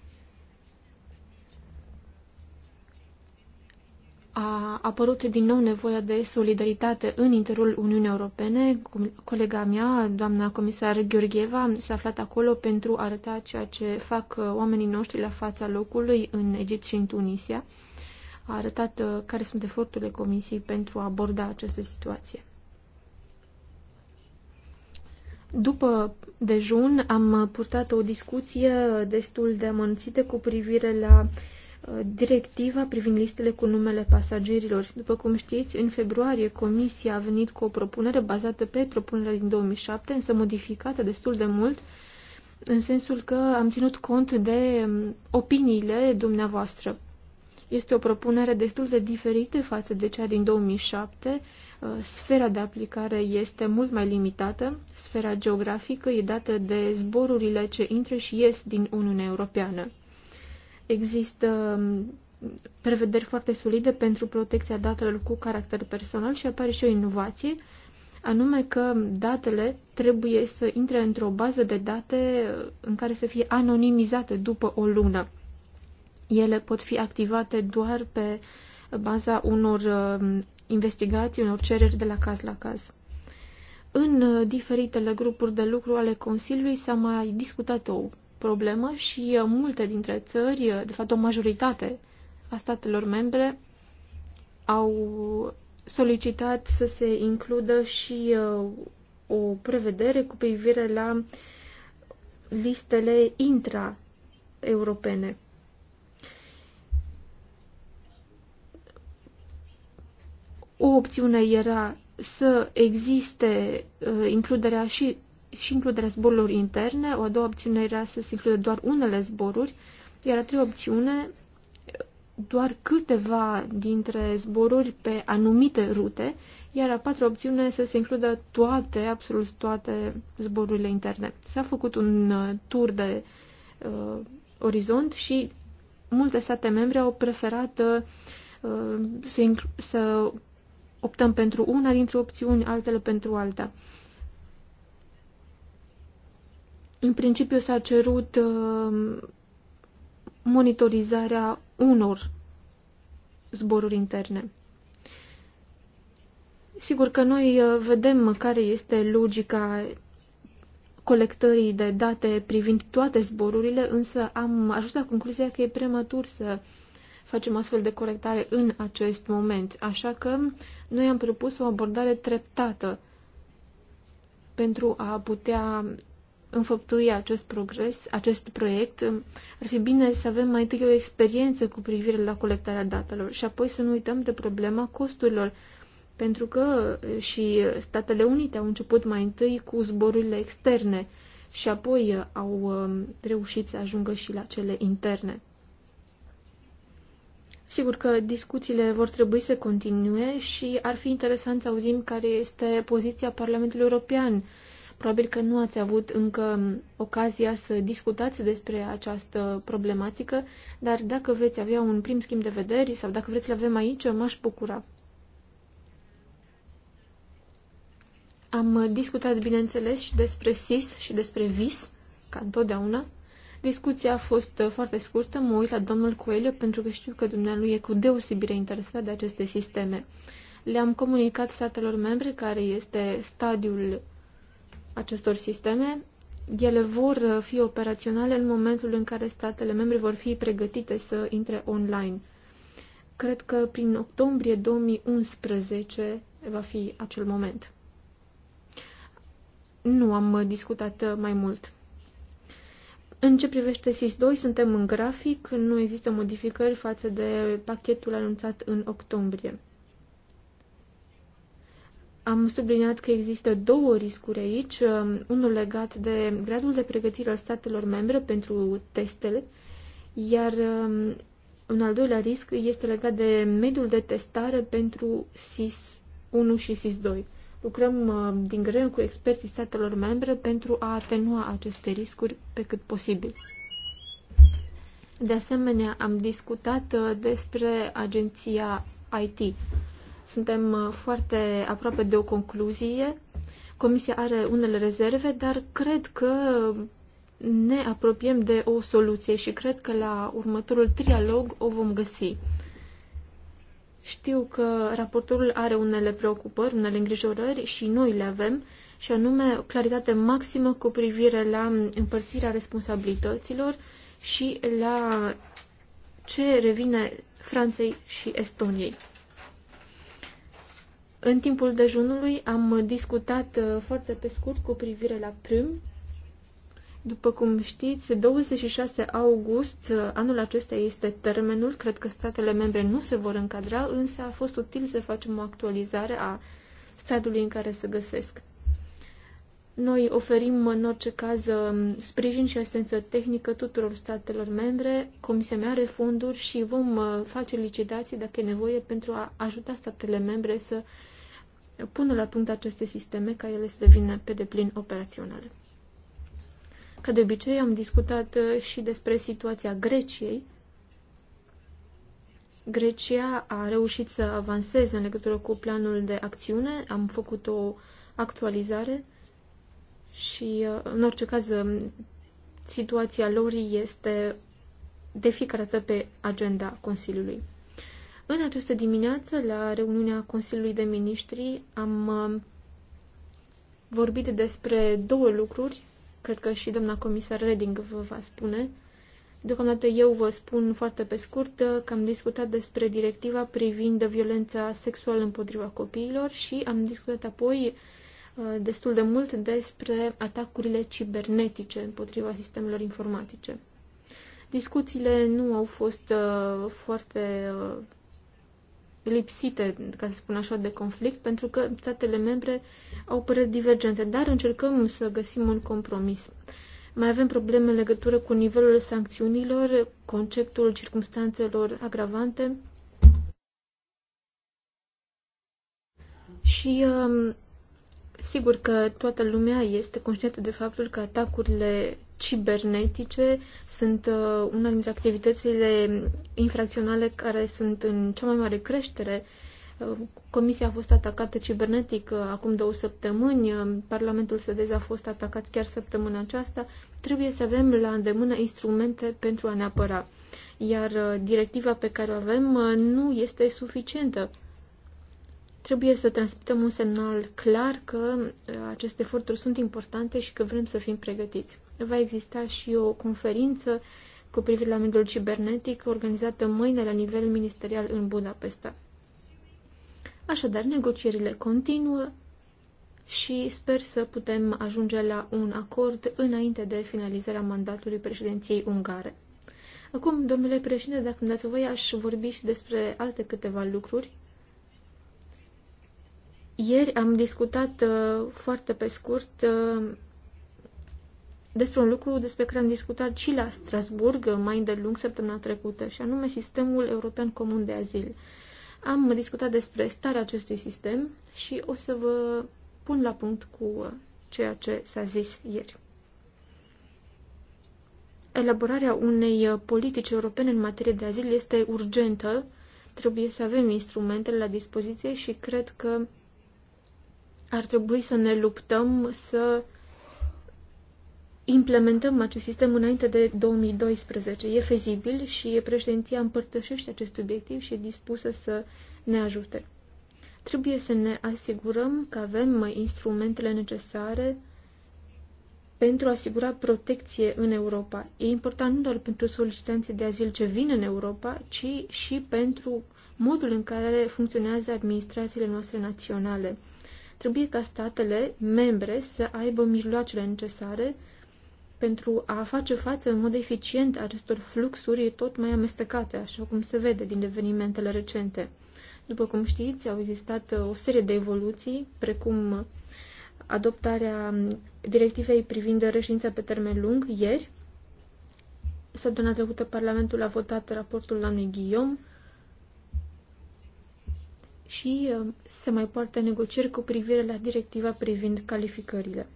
a apărut din nou nevoia de solidaritate în interiorul Uniunii Europene. Colega mea, doamna comisar Gheorgheva, s-a aflat acolo pentru a arăta ceea ce fac uh, oamenii noștri la fața locului în Egipt și în Tunisia. A arătat uh, care sunt eforturile Comisiei pentru a aborda această situație. După dejun am purtat o discuție destul de amănunțită cu privire la uh, Uh, directiva privind listele cu numele pasagerilor. După cum știți, în februarie Comisia a venit cu o propunere bazată pe propunerea din 2007, însă modificată destul de mult, în sensul că am ținut cont de um, opiniile dumneavoastră. Este o propunere destul de diferită față de cea din 2007. Uh, sfera de aplicare este mult mai limitată. Sfera geografică e dată de zborurile ce intră și ies din Uniunea Europeană. Există um, prevederi foarte solide pentru protecția datelor cu caracter personal și apare și o inovație, anume că datele trebuie să intre într-o bază de date uh, în care să fie anonimizate după o lună. Ele pot fi activate doar pe baza unor um, investigații, unor cereri de la caz la caz. În uh, diferitele grupuri de lucru ale Consiliului s-a mai discutat o problemă și uh, multe dintre țări, uh, de fapt o majoritate a statelor membre, au solicitat să se includă și uh, o prevedere cu privire la listele intra-europene. O opțiune era să existe includerea și și includerea zborurilor interne, o a doua opțiune era să se includă doar unele zboruri, iar a treia opțiune doar câteva dintre zboruri pe anumite rute, iar a patra opțiune să se includă toate, absolut toate zborurile interne. S-a făcut un uh, tur de uh, orizont și multe state membre au preferat uh, să, să optăm pentru una dintre opțiuni, altele pentru alta. În principiu s-a cerut uh, monitorizarea unor zboruri interne. Sigur că noi uh, vedem care este logica colectării de date privind toate zborurile, însă am ajuns la concluzia că e prematur să facem astfel de colectare în acest moment. Așa că noi am propus o abordare treptată pentru a putea înfăptui acest progres, acest proiect, ar fi bine să avem mai întâi o experiență cu privire la colectarea datelor și apoi să nu uităm de problema costurilor, pentru că și Statele Unite au început mai întâi cu zborurile externe și apoi au reușit să ajungă și la cele interne. Sigur că discuțiile vor trebui să continue și ar fi interesant să auzim care este poziția Parlamentului European Probabil că nu ați avut încă ocazia să discutați despre această problematică, dar dacă veți avea un prim schimb de vederi sau dacă vreți să avem aici, m-aș bucura. Am discutat, bineînțeles, și despre SIS și despre VIS, ca întotdeauna. Discuția a fost foarte scurtă, mă uit la domnul Coelho pentru că știu că dumnealui e cu deosebire interesat de aceste sisteme. Le-am comunicat statelor membre care este stadiul acestor sisteme. Ele vor fi operaționale în momentul în care statele membre vor fi pregătite să intre online. Cred că prin octombrie 2011 va fi acel moment. Nu am discutat mai mult. În ce privește SIS-2, suntem în grafic, nu există modificări față de pachetul anunțat în octombrie. Am subliniat că există două riscuri aici, um, unul legat de gradul de pregătire al statelor membre pentru testele, iar um, un al doilea risc este legat de mediul de testare pentru SIS 1 și SIS 2. Lucrăm um, din greu cu experții statelor membre pentru a atenua aceste riscuri pe cât posibil. De asemenea, am discutat uh, despre agenția IT, suntem uh, foarte aproape de o concluzie. Comisia are unele rezerve, dar cred că ne apropiem de o soluție și cred că la următorul trialog o vom găsi. Știu că raportorul are unele preocupări, unele îngrijorări și noi le avem, și anume o claritate maximă cu privire la împărțirea responsabilităților și la ce revine Franței și Estoniei. În timpul dejunului am discutat uh, foarte pe scurt cu privire la prim. După cum știți, 26 august, uh, anul acesta este termenul, cred că statele membre nu se vor încadra, însă a fost util să facem o actualizare a statului în care se găsesc. Noi oferim în orice caz um, sprijin și asistență tehnică tuturor statelor membre, Comisia mea are fonduri și vom uh, face licitații dacă e nevoie pentru a ajuta statele membre să pună la punct aceste sisteme ca ele să devină pe deplin operaționale. Ca de obicei, am discutat uh, și despre situația Greciei. Grecia a reușit să avanseze în legătură cu planul de acțiune, am făcut o actualizare și, uh, în orice caz, um, situația lor este de fiecare dată pe agenda Consiliului. În această dimineață, la reuniunea Consiliului de Ministri, am uh, vorbit despre două lucruri, cred că și doamna comisar Reding vă va spune. Deocamdată eu vă spun foarte pe scurt că am discutat despre directiva privind violența sexuală împotriva copiilor și am discutat apoi uh, destul de mult despre atacurile cibernetice împotriva sistemelor informatice. Discuțiile nu au fost uh, foarte lipsite, ca să spun așa, de conflict, pentru că statele membre au păreri divergente, dar încercăm să găsim un compromis. Mai avem probleme în legătură cu nivelul sancțiunilor, conceptul circumstanțelor agravante și um, Sigur că toată lumea este conștientă de faptul că atacurile cibernetice sunt uh, una dintre activitățile infracționale care sunt în cea mai mare creștere. Uh, Comisia a fost atacată cibernetic uh, acum două săptămâni, Parlamentul suedez a fost atacat chiar săptămâna aceasta. Trebuie să avem la îndemână instrumente pentru a ne apăra. Iar directiva pe care o avem nu este suficientă. Trebuie să transmitem un semnal clar că uh, aceste eforturi sunt importante și că vrem să fim pregătiți. Va exista și o conferință cu privire la mediul cibernetic organizată mâine la nivel ministerial în Budapesta. Așadar, negocierile continuă și sper să putem ajunge la un acord înainte de finalizarea mandatului președinției ungare. Acum, domnule președinte, dacă îmi dați voi, aș vorbi și despre alte câteva lucruri ieri am discutat uh, foarte pe scurt uh, despre un lucru despre care am discutat și la Strasburg uh, mai îndelung săptămâna trecută, și anume sistemul european comun de azil. Am discutat despre starea acestui sistem și o să vă pun la punct cu ceea ce s-a zis ieri. Elaborarea unei politici europene în materie de azil este urgentă, trebuie să avem instrumentele la dispoziție și cred că ar trebui să ne luptăm să implementăm acest sistem înainte de 2012. E fezibil și președintia împărtășește acest obiectiv și e dispusă să ne ajute. Trebuie să ne asigurăm că avem instrumentele necesare pentru a asigura protecție în Europa. E important nu doar pentru solicitanții de azil ce vin în Europa, ci și pentru modul în care funcționează administrațiile noastre naționale trebuie ca statele membre să aibă mijloacele necesare pentru a face față în mod eficient acestor fluxuri tot mai amestecate, așa cum se vede din evenimentele recente. După cum știți, au existat uh, o serie de evoluții, precum adoptarea um, directivei privind reședința pe termen lung ieri. Săptămâna trecută Parlamentul a votat raportul doamnei Guillaume și uh, se mai poartă negocieri cu privire la directiva privind calificările.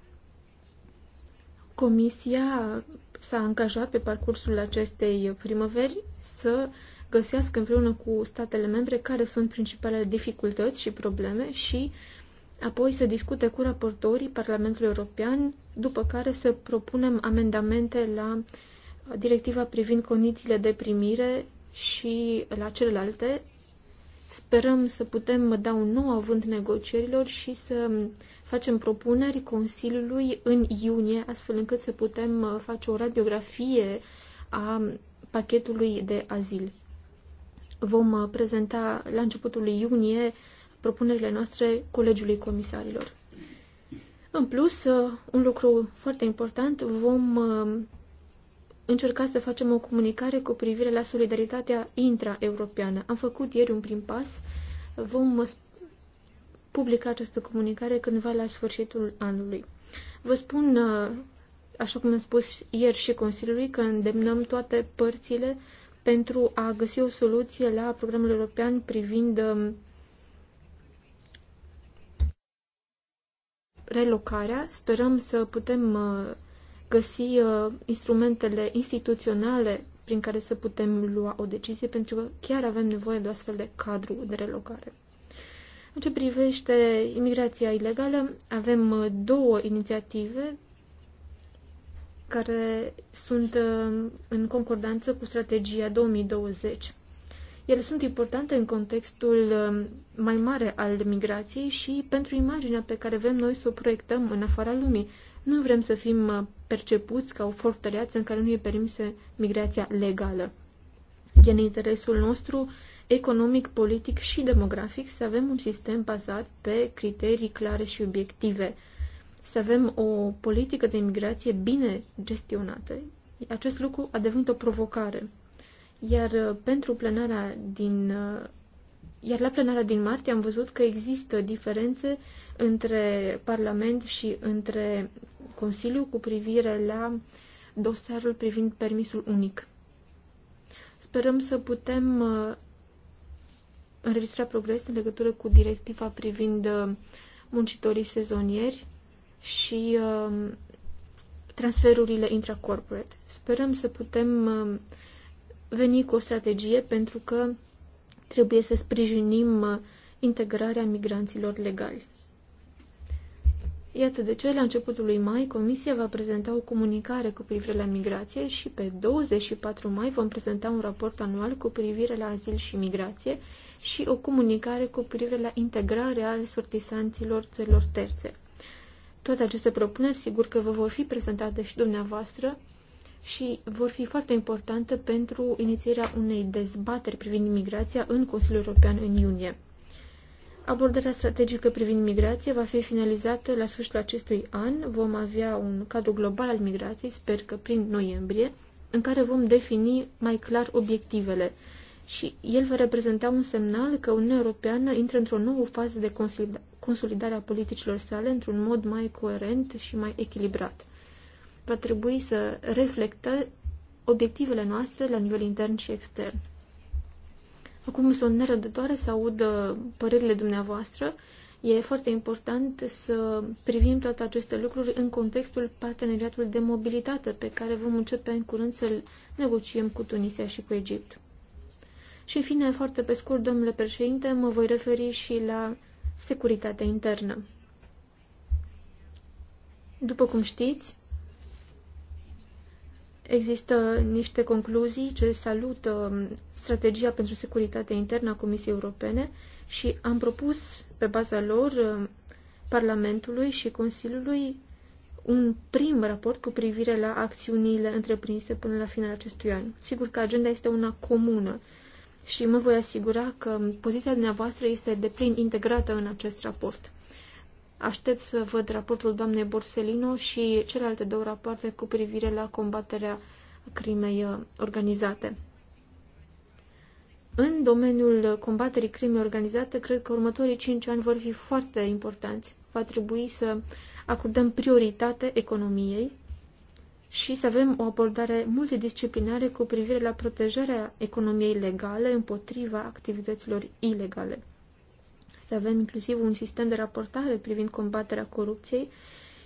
Comisia s-a angajat pe parcursul acestei primăveri să găsească împreună cu statele membre care sunt principalele dificultăți și probleme și apoi să discute cu raportorii Parlamentului European, după care să propunem amendamente la directiva privind condițiile de primire și la celelalte Sperăm să putem da un nou avânt negocierilor și să facem propuneri Consiliului în iunie, astfel încât să putem uh, face o radiografie a pachetului de azil. Vom uh, prezenta la începutul lui iunie propunerile noastre Colegiului Comisarilor. În plus, uh, un lucru foarte important, vom încerca să facem o comunicare cu privire la solidaritatea intra-europeană. Am făcut ieri un prim pas. Vom publica această comunicare cândva la sfârșitul anului. Vă spun, uh, așa cum am spus ieri și Consiliului, că îndemnăm toate părțile pentru a găsi o soluție la programul european privind um, relocarea. Sperăm să putem uh, găsi uh, instrumentele instituționale prin care să putem lua o decizie, pentru că chiar avem nevoie de astfel de cadru de relocare. În ce privește imigrația ilegală, avem uh, două inițiative care sunt uh, în concordanță cu strategia 2020. Ele sunt importante în contextul uh, mai mare al migrației și pentru imaginea pe care vrem noi să o proiectăm în afara lumii. Nu vrem să fim percepuți ca o fortăreață în care nu e permisă migrația legală. E în interesul nostru economic, politic și demografic să avem un sistem bazat pe criterii clare și obiective, să avem o politică de imigrație bine gestionată. Acest lucru a devenit o provocare. Iar uh, pentru plenarea din uh, iar la plenarea din martie am văzut că există diferențe între Parlament și între Consiliu cu privire la dosarul privind permisul unic. Sperăm să putem uh, înregistra progres în legătură cu directiva privind uh, muncitorii sezonieri și uh, transferurile intracorporate. Sperăm să putem veni cu o strategie pentru că trebuie să sprijinim integrarea migranților legali. Iată de ce, la începutul lui mai, Comisia va prezenta o comunicare cu privire la migrație și pe 24 mai vom prezenta un raport anual cu privire la azil și migrație și o comunicare cu privire la integrarea sortisanților țărilor terțe. Toate aceste propuneri, sigur că vă vor fi prezentate și dumneavoastră și vor fi foarte importante pentru inițierea unei dezbateri privind migrația în Consiliul European în iunie. Abordarea strategică privind migrație va fi finalizată la sfârșitul acestui an. Vom avea un cadru global al migrației, sper că prin noiembrie, în care vom defini mai clar obiectivele și el va reprezenta un semnal că Uniunea Europeană intră într-o nouă fază de consolidare a politicilor sale într-un mod mai coerent și mai echilibrat. Va trebui să reflectă obiectivele noastre la nivel intern și extern. Acum sunt nerăbdătoare să aud părerile dumneavoastră. E foarte important să privim toate aceste lucruri în contextul parteneriatului de mobilitate pe care vom începe în curând să-l negociem cu Tunisia și cu Egipt. Și, în fine, foarte pe scurt, domnule președinte, mă voi referi și la securitatea internă. După cum știți, Există niște concluzii ce salută um, strategia pentru securitatea internă a Comisiei Europene și am propus pe baza lor um, Parlamentului și Consiliului un prim raport cu privire la acțiunile întreprinse până la finalul acestui an. Sigur că agenda este una comună și mă voi asigura că poziția dumneavoastră este deplin integrată în acest raport. Aștept să văd raportul doamnei Borsellino și celelalte două rapoarte cu privire la combaterea crimei uh, organizate. În domeniul combaterii crimei organizate, cred că următorii cinci ani vor fi foarte importanți. Va trebui să acordăm prioritate economiei și să avem o abordare multidisciplinară cu privire la protejarea economiei legale împotriva activităților ilegale să avem inclusiv un sistem de raportare privind combaterea corupției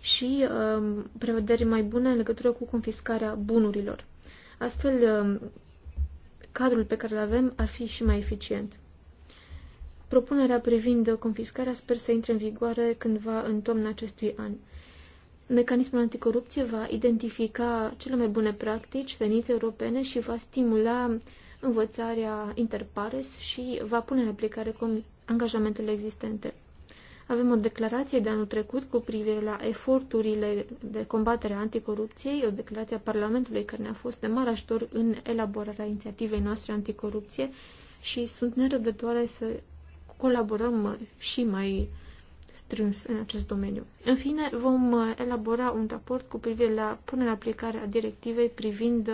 și uh, prevederi mai bune în legătură cu confiscarea bunurilor. Astfel, um, cadrul pe care îl avem ar fi și mai eficient. Propunerea privind confiscarea sper să intre în vigoare cândva în toamna acestui an. Mecanismul anticorupție va identifica cele mai bune practici veniți europene și va stimula învățarea interpares și va pune în aplicare angajamentele existente. Avem o declarație de anul trecut cu privire la eforturile de combatere a anticorupției, o declarație a Parlamentului care ne-a fost de mare ajutor în elaborarea inițiativei noastre anticorupție și sunt nerăbdătoare să colaborăm și mai strâns în acest domeniu. În fine, vom elabora un raport cu privire la punerea în aplicare a directivei privind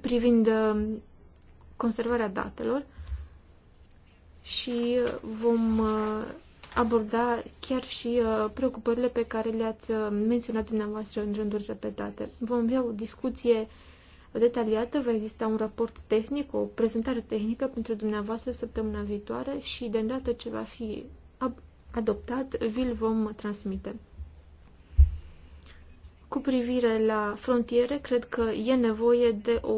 privind conservarea datelor și vom uh, aborda chiar și uh, preocupările pe care le-ați uh, menționat dumneavoastră în rânduri repetate. Vom avea o discuție detaliată, va exista un raport tehnic, o prezentare tehnică pentru dumneavoastră săptămâna viitoare și de îndată ce va fi adoptat, vi-l vom transmite. Cu privire la frontiere, cred că e nevoie de o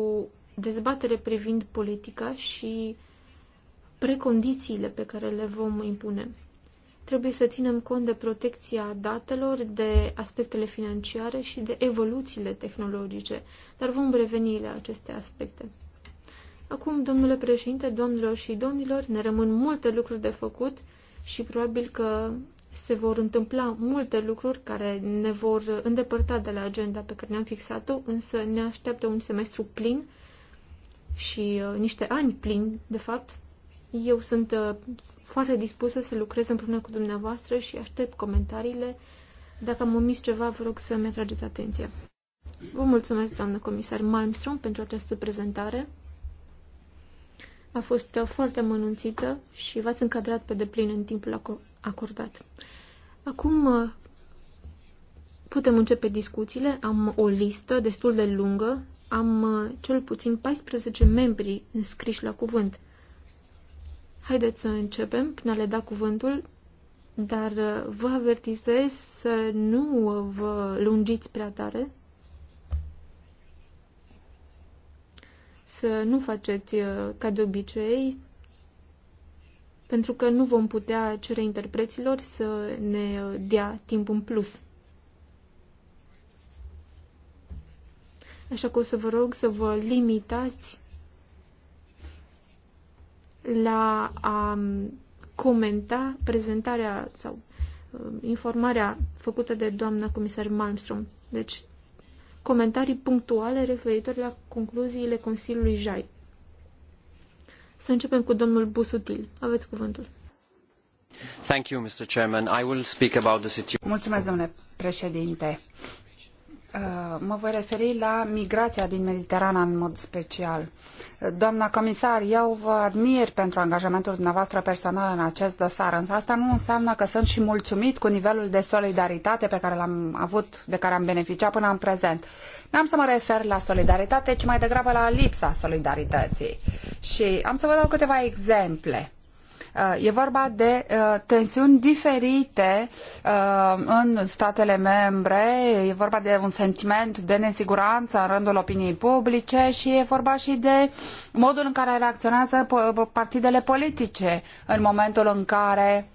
dezbatere privind politica și precondițiile pe care le vom impune. Trebuie să ținem cont de protecția datelor, de aspectele financiare și de evoluțiile tehnologice, dar vom reveni la aceste aspecte. Acum, domnule președinte, domnilor și domnilor, ne rămân multe lucruri de făcut și probabil că se vor întâmpla multe lucruri care ne vor îndepărta de la agenda pe care ne-am fixat-o, însă ne așteaptă un semestru plin și uh, niște ani plini, de fapt. Eu sunt uh, foarte dispusă să lucrez împreună cu dumneavoastră și aștept comentariile. Dacă am omis ceva, vă rog să-mi atrageți atenția. Vă mulțumesc, doamnă comisar Malmström, pentru această prezentare. A fost uh, foarte amănunțită și v-ați încadrat pe deplin în timpul acordat. Acum putem începe discuțiile. Am o listă destul de lungă am uh, cel puțin 14 membri înscriși la cuvânt. Haideți să începem până le da cuvântul, dar uh, vă avertizez să nu vă lungiți prea tare, să nu faceți uh, ca de obicei, pentru că nu vom putea cere interpreților să ne dea timp în plus. Așa că o să vă rog să vă limitați la a um, comenta prezentarea sau um, informarea făcută de doamna comisar Malmström. Deci, comentarii punctuale referitor la concluziile Consiliului JAI. Să începem cu domnul Busutil. Aveți cuvântul. Thank you, Mr. Chairman. I will speak about the situation. Mulțumesc, domnule președinte. Uh, mă voi referi la migrația din Mediterana în mod special. Doamna comisar, eu vă admir pentru angajamentul dumneavoastră personal în acest dosar, însă asta nu înseamnă că sunt și mulțumit cu nivelul de solidaritate pe care l-am avut, de care am beneficiat până în prezent. Nu am să mă refer la solidaritate, ci mai degrabă la lipsa solidarității. Și am să vă dau câteva exemple. Uh, e vorba de uh, tensiuni diferite uh, în statele membre, e vorba de un sentiment de nesiguranță în rândul opiniei publice și e vorba și de modul în care reacționează partidele politice în momentul în care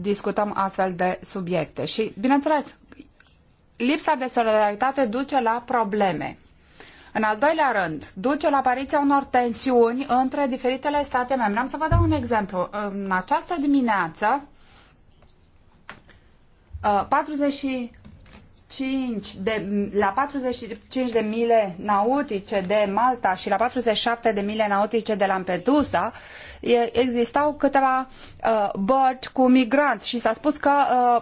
discutăm astfel de subiecte. Și, bineînțeles, lipsa de solidaritate duce la probleme. În al doilea rând, duce la apariția unor tensiuni între diferitele state membre. Am să vă dau un exemplu. În această dimineață, 45 uh, de, la 45 de mile nautice de Malta și la 47 de mile nautice de Lampedusa existau câteva uh, bărci cu migranți și s-a spus că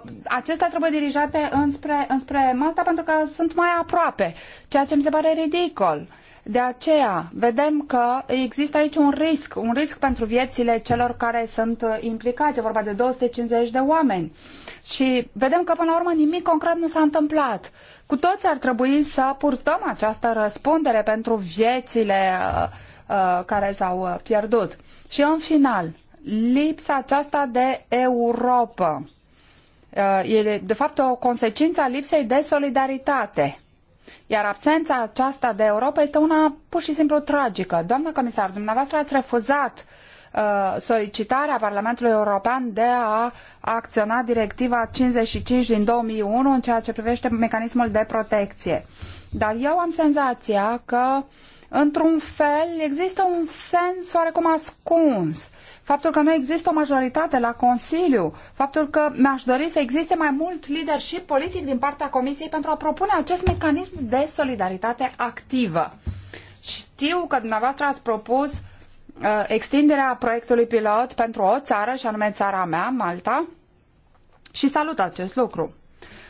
uh, acestea trebuie dirijate înspre, înspre Malta pentru că sunt mai aproape, ceea ce mi se pare ridicol. De aceea, vedem că există aici un risc, un risc pentru viețile celor care sunt uh, implicați, e vorba de 250 de oameni. Și vedem că, până la urmă, nimic concret nu s-a întâmplat. Cu toți ar trebui să purtăm această răspundere pentru viețile uh, uh care s-au uh, pierdut. Și în final, lipsa aceasta de Europa. Uh, e de fapt o consecință a lipsei de solidaritate. Iar absența aceasta de Europa este una pur și simplu tragică. Doamnă comisar, dumneavoastră ați refuzat uh, solicitarea Parlamentului European de a acționa directiva 55 din 2001 în ceea ce privește mecanismul de protecție. Dar eu am senzația că uh, într-un fel, există un sens oarecum ascuns. Faptul că nu există o majoritate la Consiliu, faptul că mi-aș dori să existe mai mult leadership politic din partea Comisiei pentru a propune acest mecanism de solidaritate activă. Știu că dumneavoastră ați propus uh, extinderea proiectului pilot pentru o țară, și anume țara mea, Malta, și salut acest lucru.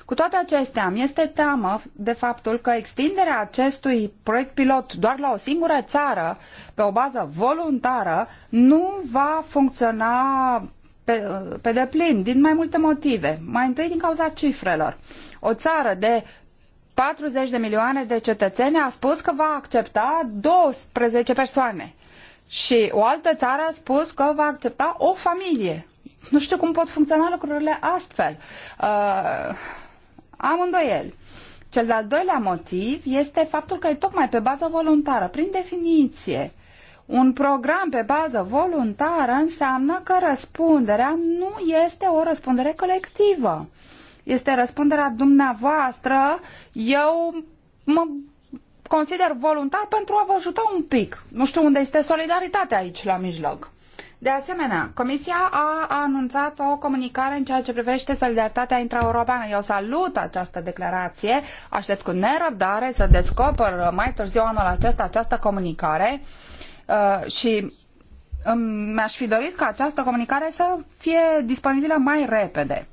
Cu toate acestea, mi este teamă de faptul că extinderea acestui proiect pilot doar la o singură țară, pe o bază voluntară, nu va funcționa pe, pe deplin, din mai multe motive. Mai întâi din cauza cifrelor. O țară de 40 de milioane de cetățeni a spus că va accepta 12 persoane. Și o altă țară a spus că va accepta o familie. Nu știu cum pot funcționa lucrurile astfel. Uh, am el. Cel de-al doilea motiv este faptul că e tocmai pe bază voluntară. Prin definiție, un program pe bază voluntară înseamnă că răspunderea nu este o răspundere colectivă. Este răspunderea dumneavoastră. Eu mă consider voluntar pentru a vă ajuta un pic. Nu știu unde este solidaritatea aici la mijloc. De asemenea, Comisia a anunțat o comunicare în ceea ce privește solidaritatea intraeuropeană. Eu salut această declarație, aștept cu nerăbdare să descoper mai târziu anul acesta această comunicare uh, și mi-aș fi dorit ca această comunicare să fie disponibilă mai repede.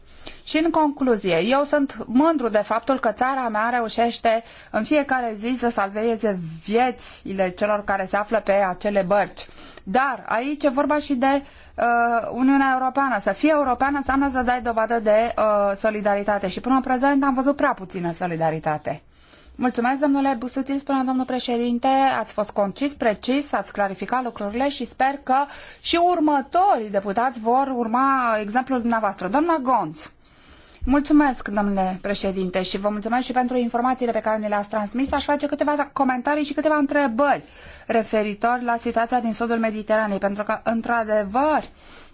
Și în concluzie, eu sunt mândru de faptul că țara mea reușește în fiecare zi să salveze viețile celor care se află pe acele bărci. Dar aici e vorba și de uh, Uniunea Europeană. Să fii european înseamnă să dai dovadă de uh, solidaritate și până în prezent am văzut prea puțină solidaritate. Mulțumesc, domnule Busutil, spunea domnul președinte, ați fost concis, precis, ați clarificat lucrurile și sper că și următorii deputați vor urma exemplul dumneavoastră. Doamna Gonț. Mulțumesc, domnule președinte, și vă mulțumesc și pentru informațiile pe care ne le-ați transmis. Aș face câteva comentarii și câteva întrebări referitor la situația din sudul Mediteranei, pentru că, într-adevăr,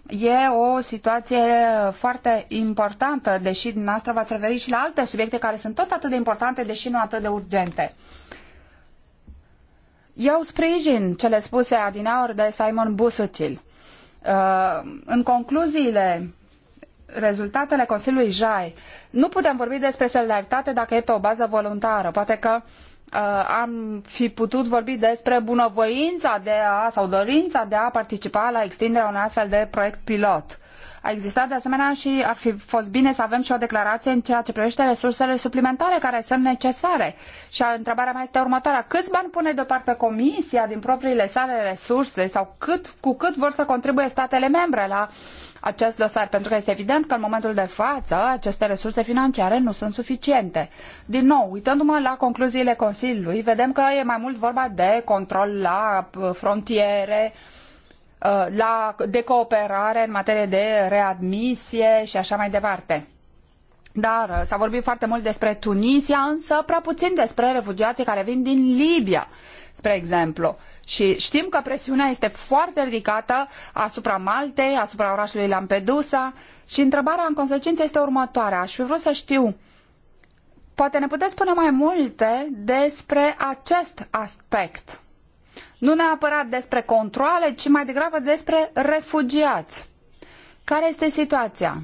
E o situație foarte importantă, deși dumneavoastră v-ați referit și la alte subiecte care sunt tot atât de importante, deși nu atât de urgente. Eu sprijin cele spuse adineaori de Simon Busuttil. Uh, în concluziile rezultatele Consiliului JAI. Nu putem vorbi despre solidaritate dacă e pe o bază voluntară. Poate că uh, am fi putut vorbi despre bunăvoința de a, sau dorința de a participa la extinderea unui astfel de proiect pilot. A existat de asemenea și ar fi fost bine să avem și o declarație în ceea ce privește resursele suplimentare care sunt necesare. Și întrebarea mea este următoarea. Câți bani pune deoparte Comisia din propriile sale resurse sau cât, cu cât vor să contribuie statele membre la uh, acest dosar, pentru că este evident că în momentul de față aceste resurse financiare nu sunt suficiente. Din nou, uitându-mă la concluziile Consiliului, vedem că e mai mult vorba de control la uh, frontiere, uh, la, de cooperare în materie de readmisie și așa mai departe. Dar uh, s-a vorbit foarte mult despre Tunisia, însă prea puțin despre refugiații care vin din Libia, spre exemplu. Și știm că presiunea este foarte ridicată asupra Maltei, asupra orașului Lampedusa și întrebarea în consecință este următoarea. Aș fi vrut să știu, poate ne puteți spune mai multe despre acest aspect. Nu neapărat despre controle, ci mai degrabă despre refugiați. Care este situația?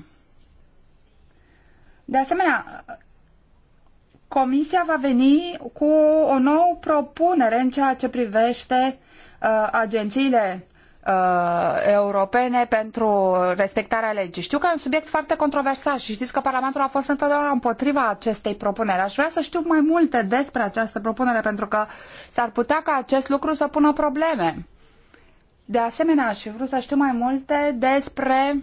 De asemenea, Comisia va veni cu o nouă propunere în ceea ce privește uh, agențiile uh, europene pentru respectarea legii. Știu că e un subiect foarte controversat și știți că Parlamentul a fost întotdeauna împotriva acestei propuneri. Aș vrea să știu mai multe despre această propunere pentru că s-ar putea ca acest lucru să pună probleme. De asemenea, aș fi vrut să știu mai multe despre uh,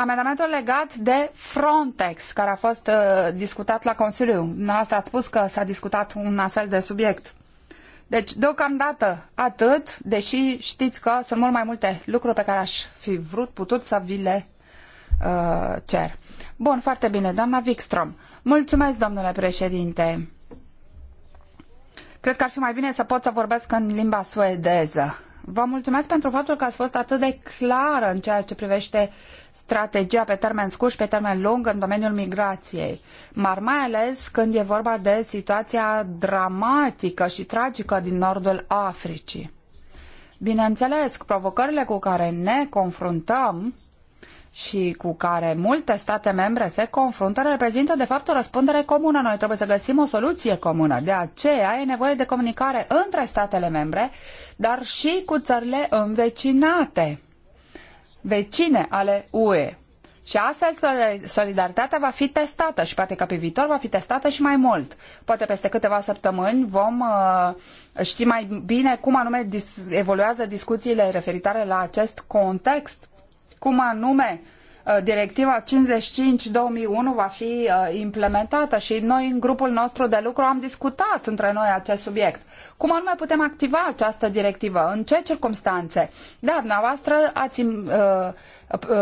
amendamentul legat de Frontex, care a fost uh, discutat la Consiliu. Dumneavoastră ați spus că s-a discutat un astfel de subiect. Deci, deocamdată, atât, deși știți că sunt mult mai multe lucruri pe care aș fi vrut putut să vi le uh, cer. Bun, foarte bine, doamna Wikstrom. Mulțumesc, domnule președinte. Cred că ar fi mai bine să pot să vorbesc în limba suedeză. Vă mulțumesc pentru faptul că ați fost atât de clară în ceea ce privește strategia pe termen scurt și pe termen lung în domeniul migrației, mar mai ales când e vorba de situația dramatică și tragică din nordul Africii. Bineînțeles, provocările cu care ne confruntăm și cu care multe state membre se confruntă reprezintă de fapt o răspundere comună. Noi trebuie să găsim o soluție comună. De aceea e nevoie de comunicare între statele membre, dar și cu țările învecinate, vecine ale UE. Și astfel solidaritatea va fi testată și poate că pe viitor va fi testată și mai mult. Poate peste câteva săptămâni vom uh, ști mai bine cum anume dis- evoluează discuțiile referitoare la acest context cum anume uh, Directiva 55-2001 va fi uh, implementată și noi în grupul nostru de lucru am discutat între noi acest subiect. Cum anume putem activa această directivă? În ce circunstanțe? Da, dumneavoastră ați uh,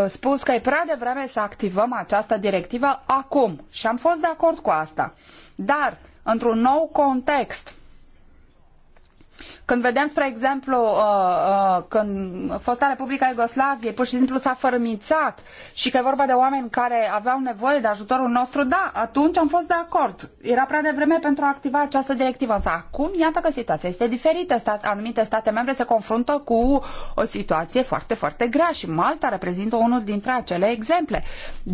spus că e prea devreme să activăm această directivă acum și am fost de acord cu asta. Dar, într-un nou context, când vedem, spre exemplu, uh, uh, când fosta Republica Iugoslavie pur și simplu s-a fărâmițat și că e vorba de oameni care aveau nevoie de ajutorul nostru, da, atunci am fost de acord. Era prea devreme pentru a activa această directivă. Însă acum, iată că situația este diferită. Stat, anumite state membre se confruntă cu o situație foarte, foarte grea și Malta reprezintă unul dintre acele exemple.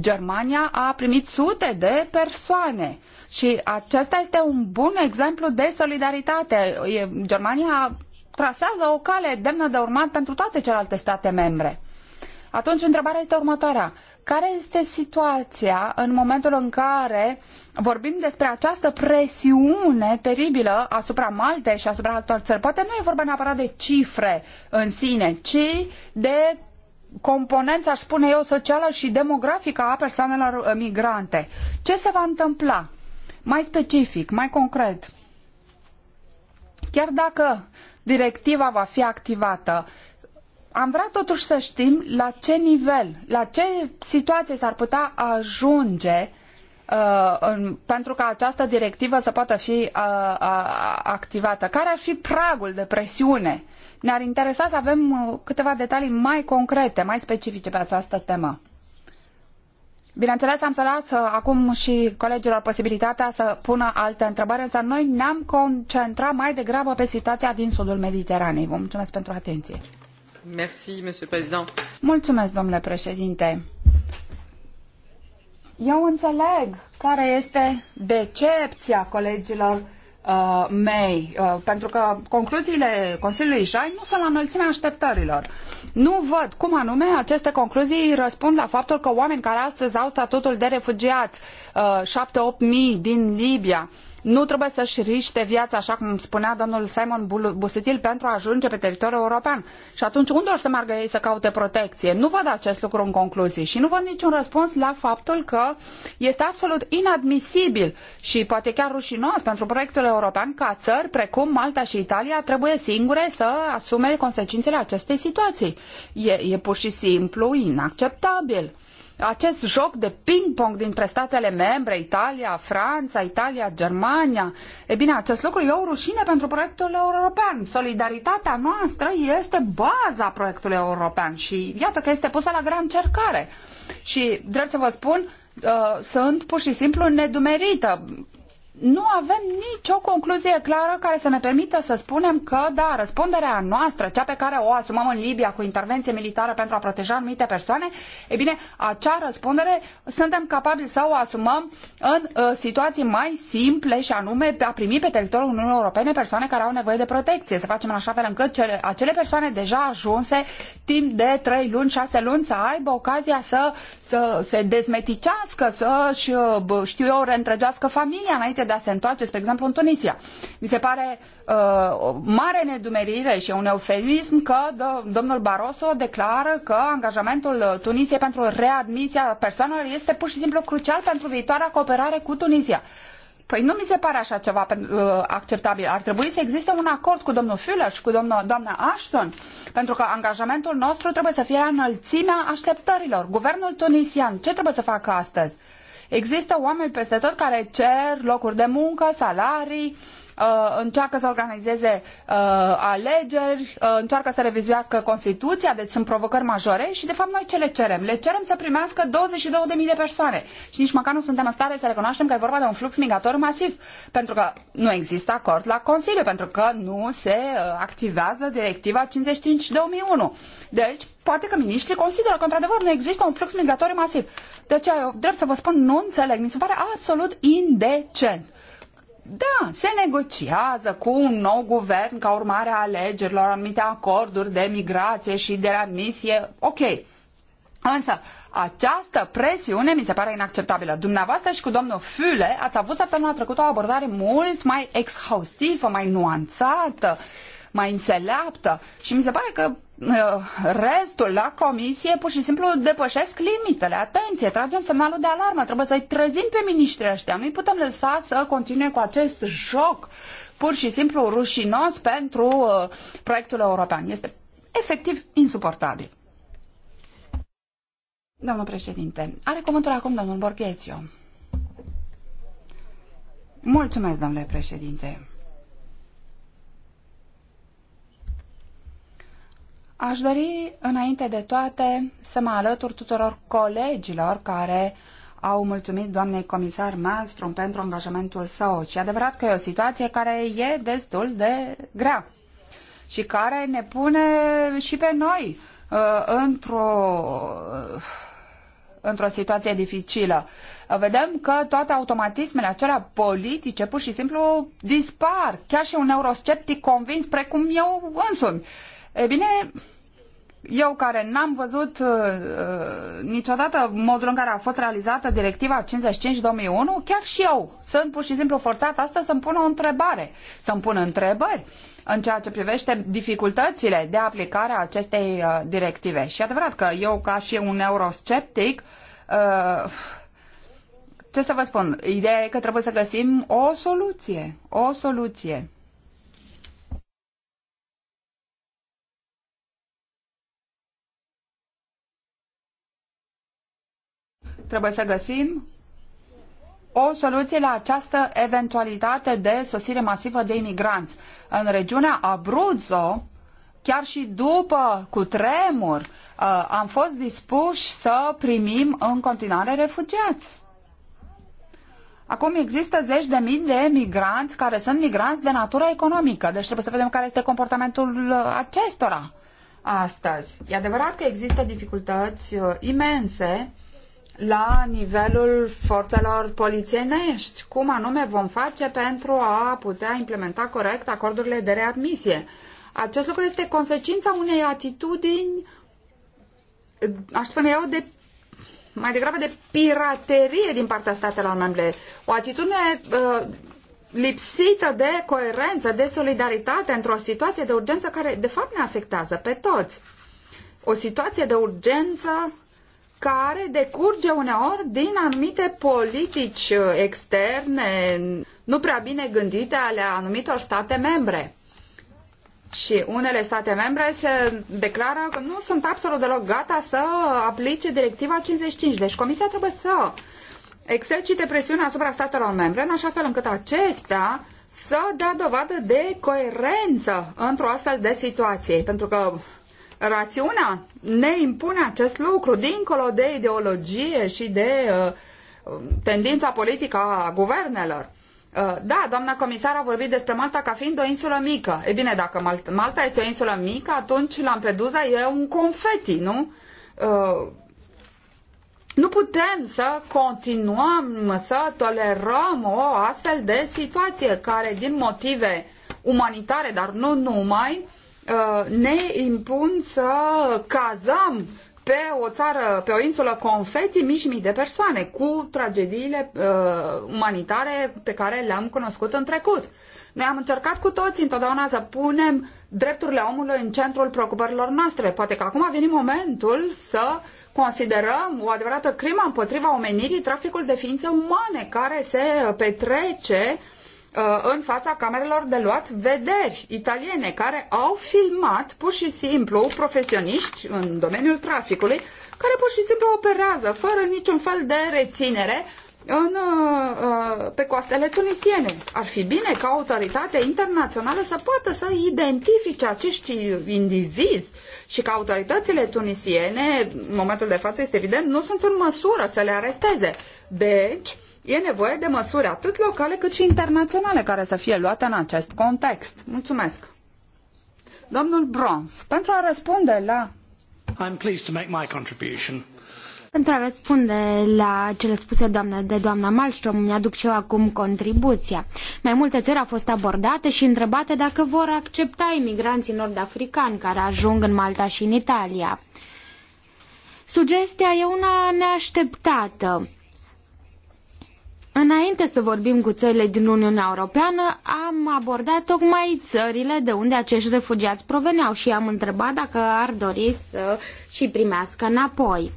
Germania a primit sute de persoane și acesta este un bun exemplu de solidaritate. Germania a trasează o cale demnă de urmat pentru toate celelalte state membre. Atunci, întrebarea este următoarea. Care este situația în momentul în care vorbim despre această presiune teribilă asupra Maltei și asupra altor țări? Poate nu e vorba neapărat de cifre în sine, ci de componența, aș spune eu, socială și demografică a persoanelor uh, migrante. Ce se va întâmpla? Mai specific, mai concret. Chiar dacă directiva va fi activată. Am vrea totuși să știm la ce nivel, la ce situație s-ar putea ajunge uh, în, pentru ca această directivă să poată fi uh, uh, activată. Care ar fi pragul de presiune? Ne-ar interesa să avem uh, câteva detalii mai concrete, mai specifice pe această temă. Bineînțeles, am să las uh, acum și colegilor posibilitatea să pună alte întrebări, însă noi ne-am concentrat mai degrabă pe situația din sudul Mediteranei. Vă mulțumesc pentru atenție. Merci, mulțumesc, domnule președinte. Eu înțeleg care este decepția colegilor uh, uh, pentru că concluziile Consiliului Jai nu sunt la înălțimea așteptărilor. Nu văd cum anume aceste concluzii răspund la faptul că oameni care astăzi au statutul de refugiați, uh, șapte-opt 8 mii din Libia, uh, nu trebuie să-și riște viața, așa cum spunea domnul Simon Busuttil pentru a ajunge pe teritoriul european. Și atunci unde o să meargă ei să caute protecție? Nu văd acest lucru în concluzii și nu văd niciun răspuns la faptul că este absolut inadmisibil și poate chiar rușinos pentru proiectul european ca țări precum Malta și Italia trebuie singure să asume consecințele acestei situații. E, e pur și simplu inacceptabil acest joc de ping-pong dintre statele membre, Italia, Franța, Italia, Germania. E bine, acest lucru e o rușine pentru proiectul european. Solidaritatea noastră este baza proiectului european și iată că este pusă la grea încercare. Și, drept să vă spun, uh, sunt pur și simplu nedumerită nu avem nicio concluzie clară care să ne permită să spunem că, da, răspunderea noastră, cea pe care o asumăm în Libia cu intervenție militară pentru a proteja anumite persoane, e bine, acea răspundere suntem capabili să o asumăm în uh, situații mai simple și anume a primi pe teritoriul Uniunii Europene persoane care au nevoie de protecție, să facem în așa fel încât cele, acele persoane deja ajunse timp de trei luni, 6 luni să aibă ocazia să, să se dezmeticească, să-și, uh, știu eu, reîntregească familia înainte înainte de a se întoarce, spre exemplu, în Tunisia. Mi se pare uh, o mare nedumerire și un eufemism că domnul Barroso declară că angajamentul Tunisiei pentru readmisia persoanelor este pur și simplu crucial pentru viitoarea cooperare cu Tunisia. Păi nu mi se pare așa ceva uh, acceptabil. Ar trebui să existe un acord cu domnul Fuller și cu domnul, doamna Ashton, pentru că angajamentul nostru trebuie să fie la înălțimea așteptărilor. Guvernul tunisian, ce trebuie să facă astăzi? Există oameni peste tot care cer locuri de muncă, salarii, uh, uh, încearcă să organizeze uh, alegeri, uh, încearcă să revizuiască Constituția, deci sunt provocări majore și de fapt noi ce le cerem? Le cerem să primească 22.000 de persoane și nici măcar nu suntem în stare să recunoaștem că e vorba de un flux migrator masiv, pentru că nu există acord la Consiliu, pentru că nu se uh, activează directiva 55-2001. Deci, poate că miniștrii consideră că într-adevăr nu există un flux migrator masiv. De deci, aceea, eu drept să vă spun, nu înțeleg. Mi se pare absolut indecent. Da, se negociază cu un nou guvern ca urmare a alegerilor, anumite acorduri de migrație și de admisie. Ok. Însă, această presiune mi se pare inacceptabilă. Dumneavoastră și cu domnul Füle ați avut săptămâna trecută o abordare mult mai exhaustivă, mai nuanțată mai înțeleaptă și mi se pare că uh, restul la comisie pur și simplu depășesc limitele. Atenție, tragem semnalul de alarmă, trebuie să-i trezim pe miniștrii ăștia. Nu-i putem lăsa să continue cu acest joc pur și simplu rușinos pentru uh, proiectul european. Este efectiv insuportabil. Domnul președinte, are cuvântul acum domnul Borghețiu. Mulțumesc, domnule președinte. Aș dori, înainte de toate, să mă alătur tuturor colegilor care au mulțumit doamnei comisar Malmström pentru angajamentul său. Și adevărat că e o situație care e destul de grea și care ne pune și pe noi uh, într-o uh, într-o situație dificilă. Uh, vedem că toate automatismele acelea politice pur și simplu dispar. Chiar și un eurosceptic convins precum eu însumi. E bine, eu care n-am văzut uh, uh, niciodată modul în care a fost realizată directiva 55-2001, chiar și eu sunt pur și simplu forțat astăzi să-mi pun o întrebare, să-mi pun întrebări în ceea ce privește dificultățile de aplicare a acestei uh, directive. Și adevărat că eu, ca și un eurosceptic, uh, ce să vă spun, ideea e că trebuie să găsim o soluție, o soluție. trebuie să găsim o soluție la această eventualitate de sosire masivă de imigranți. În regiunea Abruzzo, chiar și după cu tremur uh, am fost dispuși să primim în continuare refugiați. Acum există zeci de mii de migranți care sunt migranți de natură economică, deci trebuie să vedem care este comportamentul uh, acestora astăzi. E adevărat că există dificultăți uh, imense la nivelul forțelor polițienești. Cum anume vom face pentru a putea implementa corect acordurile de readmisie? Acest lucru este consecința unei atitudini, aș spune eu, de mai degrabă de piraterie din partea statelor membre. O atitudine uh, lipsită de coerență, de solidaritate într-o situație de urgență care, de fapt, ne afectează pe toți. O situație de urgență care decurge uneori din anumite politici uh, externe nu prea bine gândite ale anumitor state membre. Și unele state membre se declară că nu sunt absolut deloc gata să aplice directiva 55. Deci Comisia trebuie să exercite presiunea asupra statelor membre în așa fel încât acestea să dea dovadă de coerență într-o astfel de situație. Pentru că rațiunea ne impune acest lucru, dincolo de ideologie și de uh, tendința politică a guvernelor. Uh, da, doamna comisar a vorbit despre Malta ca fiind o insulă mică. E bine, dacă Malta, este o insulă mică, atunci Lampedusa e un confeti, nu? Uh, nu putem să continuăm să tolerăm o astfel de situație care, din motive umanitare, dar nu numai, Uh, ne impun să cazăm pe o țară, pe o insulă confeti mici mii de persoane cu tragediile uh, umanitare pe care le-am cunoscut în trecut. Noi am încercat cu toți întotdeauna să punem drepturile omului în centrul preocupărilor noastre. Poate că acum a venit momentul să considerăm o adevărată crimă împotriva omenirii traficul de ființe umane care se petrece Uh, în fața camerelor de luat vederi italiene care au filmat pur și simplu profesioniști în domeniul traficului care pur și simplu operează fără niciun fel de reținere în, uh, uh, pe coastele tunisiene. Ar fi bine ca autoritatea internațională să poată să identifice acești indivizi și că autoritățile tunisiene, în momentul de față este evident, nu sunt în măsură să le aresteze. Deci, E nevoie de măsuri atât locale cât și internaționale care să fie luate în acest context. Mulțumesc. Domnul Brons, pentru a răspunde la... I'm pleased to make my contribution. Pentru a răspunde la cele spuse doamne, de doamna Malmström, mi-aduc și eu acum contribuția. Mai multe țări au fost abordate și întrebate dacă vor accepta imigranții nord-africani care ajung în Malta și în Italia. Sugestia e una neașteptată Înainte să vorbim cu țările din Uniunea Europeană, am abordat tocmai țările de unde acești refugiați proveneau și am întrebat dacă ar dori să și primească înapoi.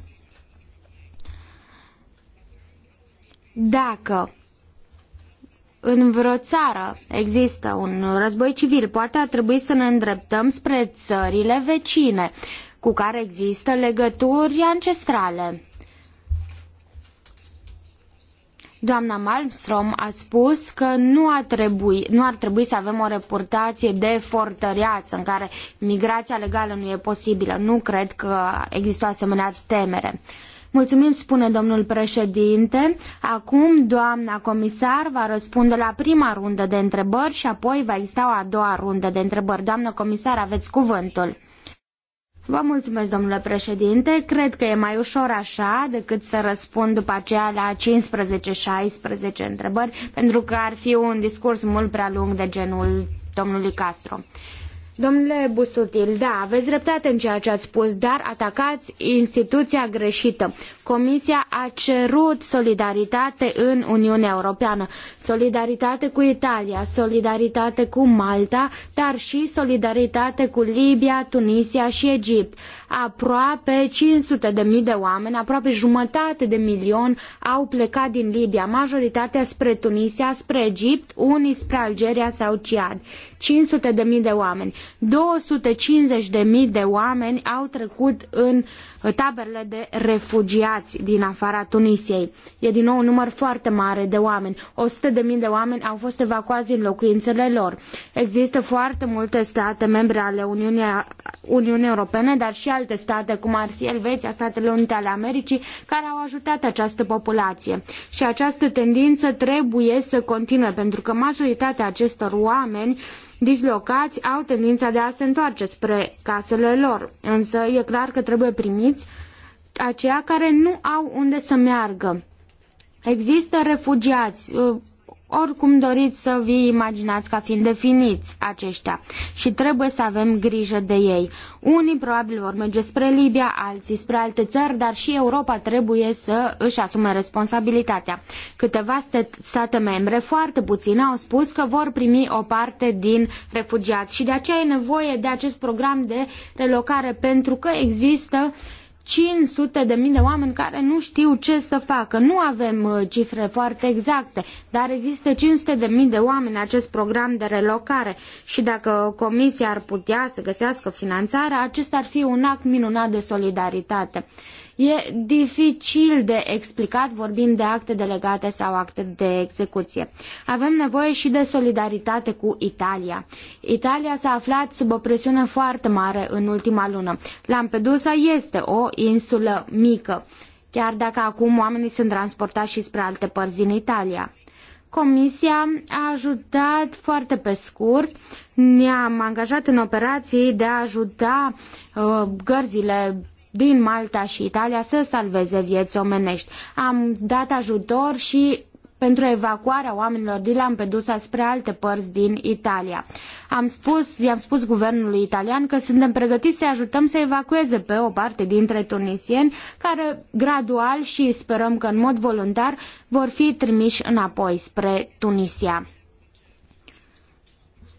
Dacă în vreo țară există un război civil, poate ar trebui să ne îndreptăm spre țările vecine, cu care există legături ancestrale. Doamna Malmström a spus că nu ar, trebui, nu ar trebui să avem o reportație de fortăreață în care migrația legală nu e posibilă. Nu cred că există o asemenea temere. Mulțumim, spune domnul președinte. Acum doamna comisar va răspunde la prima rundă de întrebări și apoi va exista o a doua rundă de întrebări. Doamnă comisar, aveți cuvântul. Vă mulțumesc, domnule președinte. Cred că e mai ușor așa decât să răspund după aceea la 15-16 întrebări, pentru că ar fi un discurs mult prea lung de genul domnului Castro. Domnule Busutil, da, aveți dreptate în ceea ce ați spus, dar atacați instituția greșită. Comisia a cerut solidaritate în Uniunea Europeană, solidaritate cu Italia, solidaritate cu Malta, dar și solidaritate cu Libia, Tunisia și Egipt. Aproape 500 de mii de oameni, aproape jumătate de milion au plecat din Libia, majoritatea spre Tunisia, spre Egipt, unii spre Algeria sau Ciad. 500 de mii de oameni. 250 de mii de oameni au trecut în taberele de refugiați din afara Tunisiei. E din nou un număr foarte mare de oameni. 100 de mii de oameni au fost evacuați din locuințele lor. Există foarte multe state membre ale Uniunii, Uniunii Europene, dar și alte state, cum ar fi Elveția, Statele Unite ale Americii, care au ajutat această populație. Și această tendință trebuie să continue, pentru că majoritatea acestor oameni dislocați au tendința de a se întoarce spre casele lor, însă e clar că trebuie primiți aceia care nu au unde să meargă. Există refugiați, uh, oricum doriți să vi imaginați ca fiind definiți aceștia și trebuie să avem grijă de ei. Unii probabil vor merge spre Libia, alții spre alte țări, dar și Europa trebuie să își asume responsabilitatea. Câteva state membre, foarte puține, au spus că vor primi o parte din refugiați și de aceea e nevoie de acest program de relocare pentru că există uh, 500 de mii de oameni care nu știu ce să facă. Nu avem uh, cifre foarte exacte, dar există 500 de mii de oameni în acest program de relocare și dacă comisia ar putea să găsească finanțarea, acesta ar fi un act minunat de solidaritate. E dificil de explicat, vorbim de acte delegate sau acte de execuție. Avem nevoie și de solidaritate cu Italia. Italia s-a aflat sub o presiune foarte mare în ultima lună. Lampedusa este o insulă mică, chiar dacă acum oamenii sunt transportați și spre alte părți din Italia. Comisia a ajutat foarte pe scurt, ne-am angajat în operații de a ajuta uh, gărzile din Malta și Italia să salveze vieți omenești. Am dat ajutor și pentru evacuarea oamenilor din Lampedusa spre alte părți din Italia. Am spus, i-am spus guvernului italian că suntem pregătiți să ajutăm să evacueze pe o parte dintre tunisieni care gradual și sperăm că în mod voluntar vor fi trimiși înapoi spre Tunisia.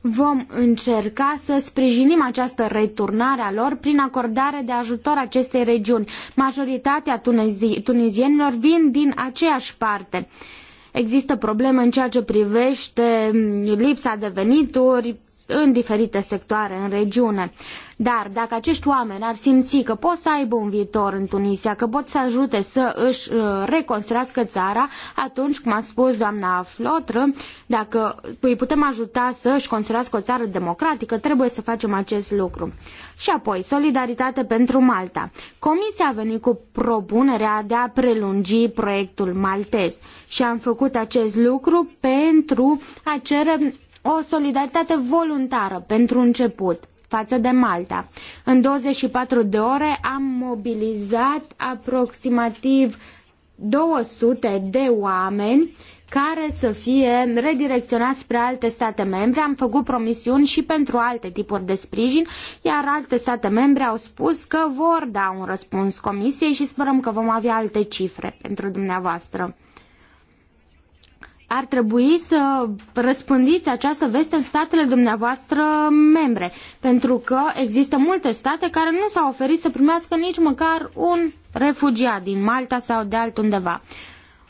Vom încerca să sprijinim această returnare a lor prin acordare de ajutor acestei regiuni. Majoritatea tunezi- tunizienilor vin din aceeași parte. Există probleme în ceea ce privește mm, lipsa de venituri în diferite sectoare în regiune. Dar dacă acești oameni ar simți că pot să aibă un viitor în Tunisia, că pot să ajute să își uh, reconstruiască țara, atunci, cum a spus doamna Flotră, dacă îi putem ajuta să își construiască o țară democratică, trebuie să facem acest lucru. Și apoi, solidaritate pentru Malta. Comisia a venit cu propunerea de a prelungi proiectul maltez și am făcut acest lucru pentru a cere o solidaritate voluntară pentru început față de Malta. În 24 de ore am mobilizat aproximativ 200 de oameni care să fie redirecționați spre alte state membre. Am făcut promisiuni și pentru alte tipuri de sprijin, iar alte state membre au spus că vor da un răspuns comisiei și sperăm că vom avea alte cifre pentru dumneavoastră ar trebui să răspândiți această veste în statele dumneavoastră membre, pentru că există multe state care nu s-au oferit să primească nici măcar un refugiat din Malta sau de altundeva.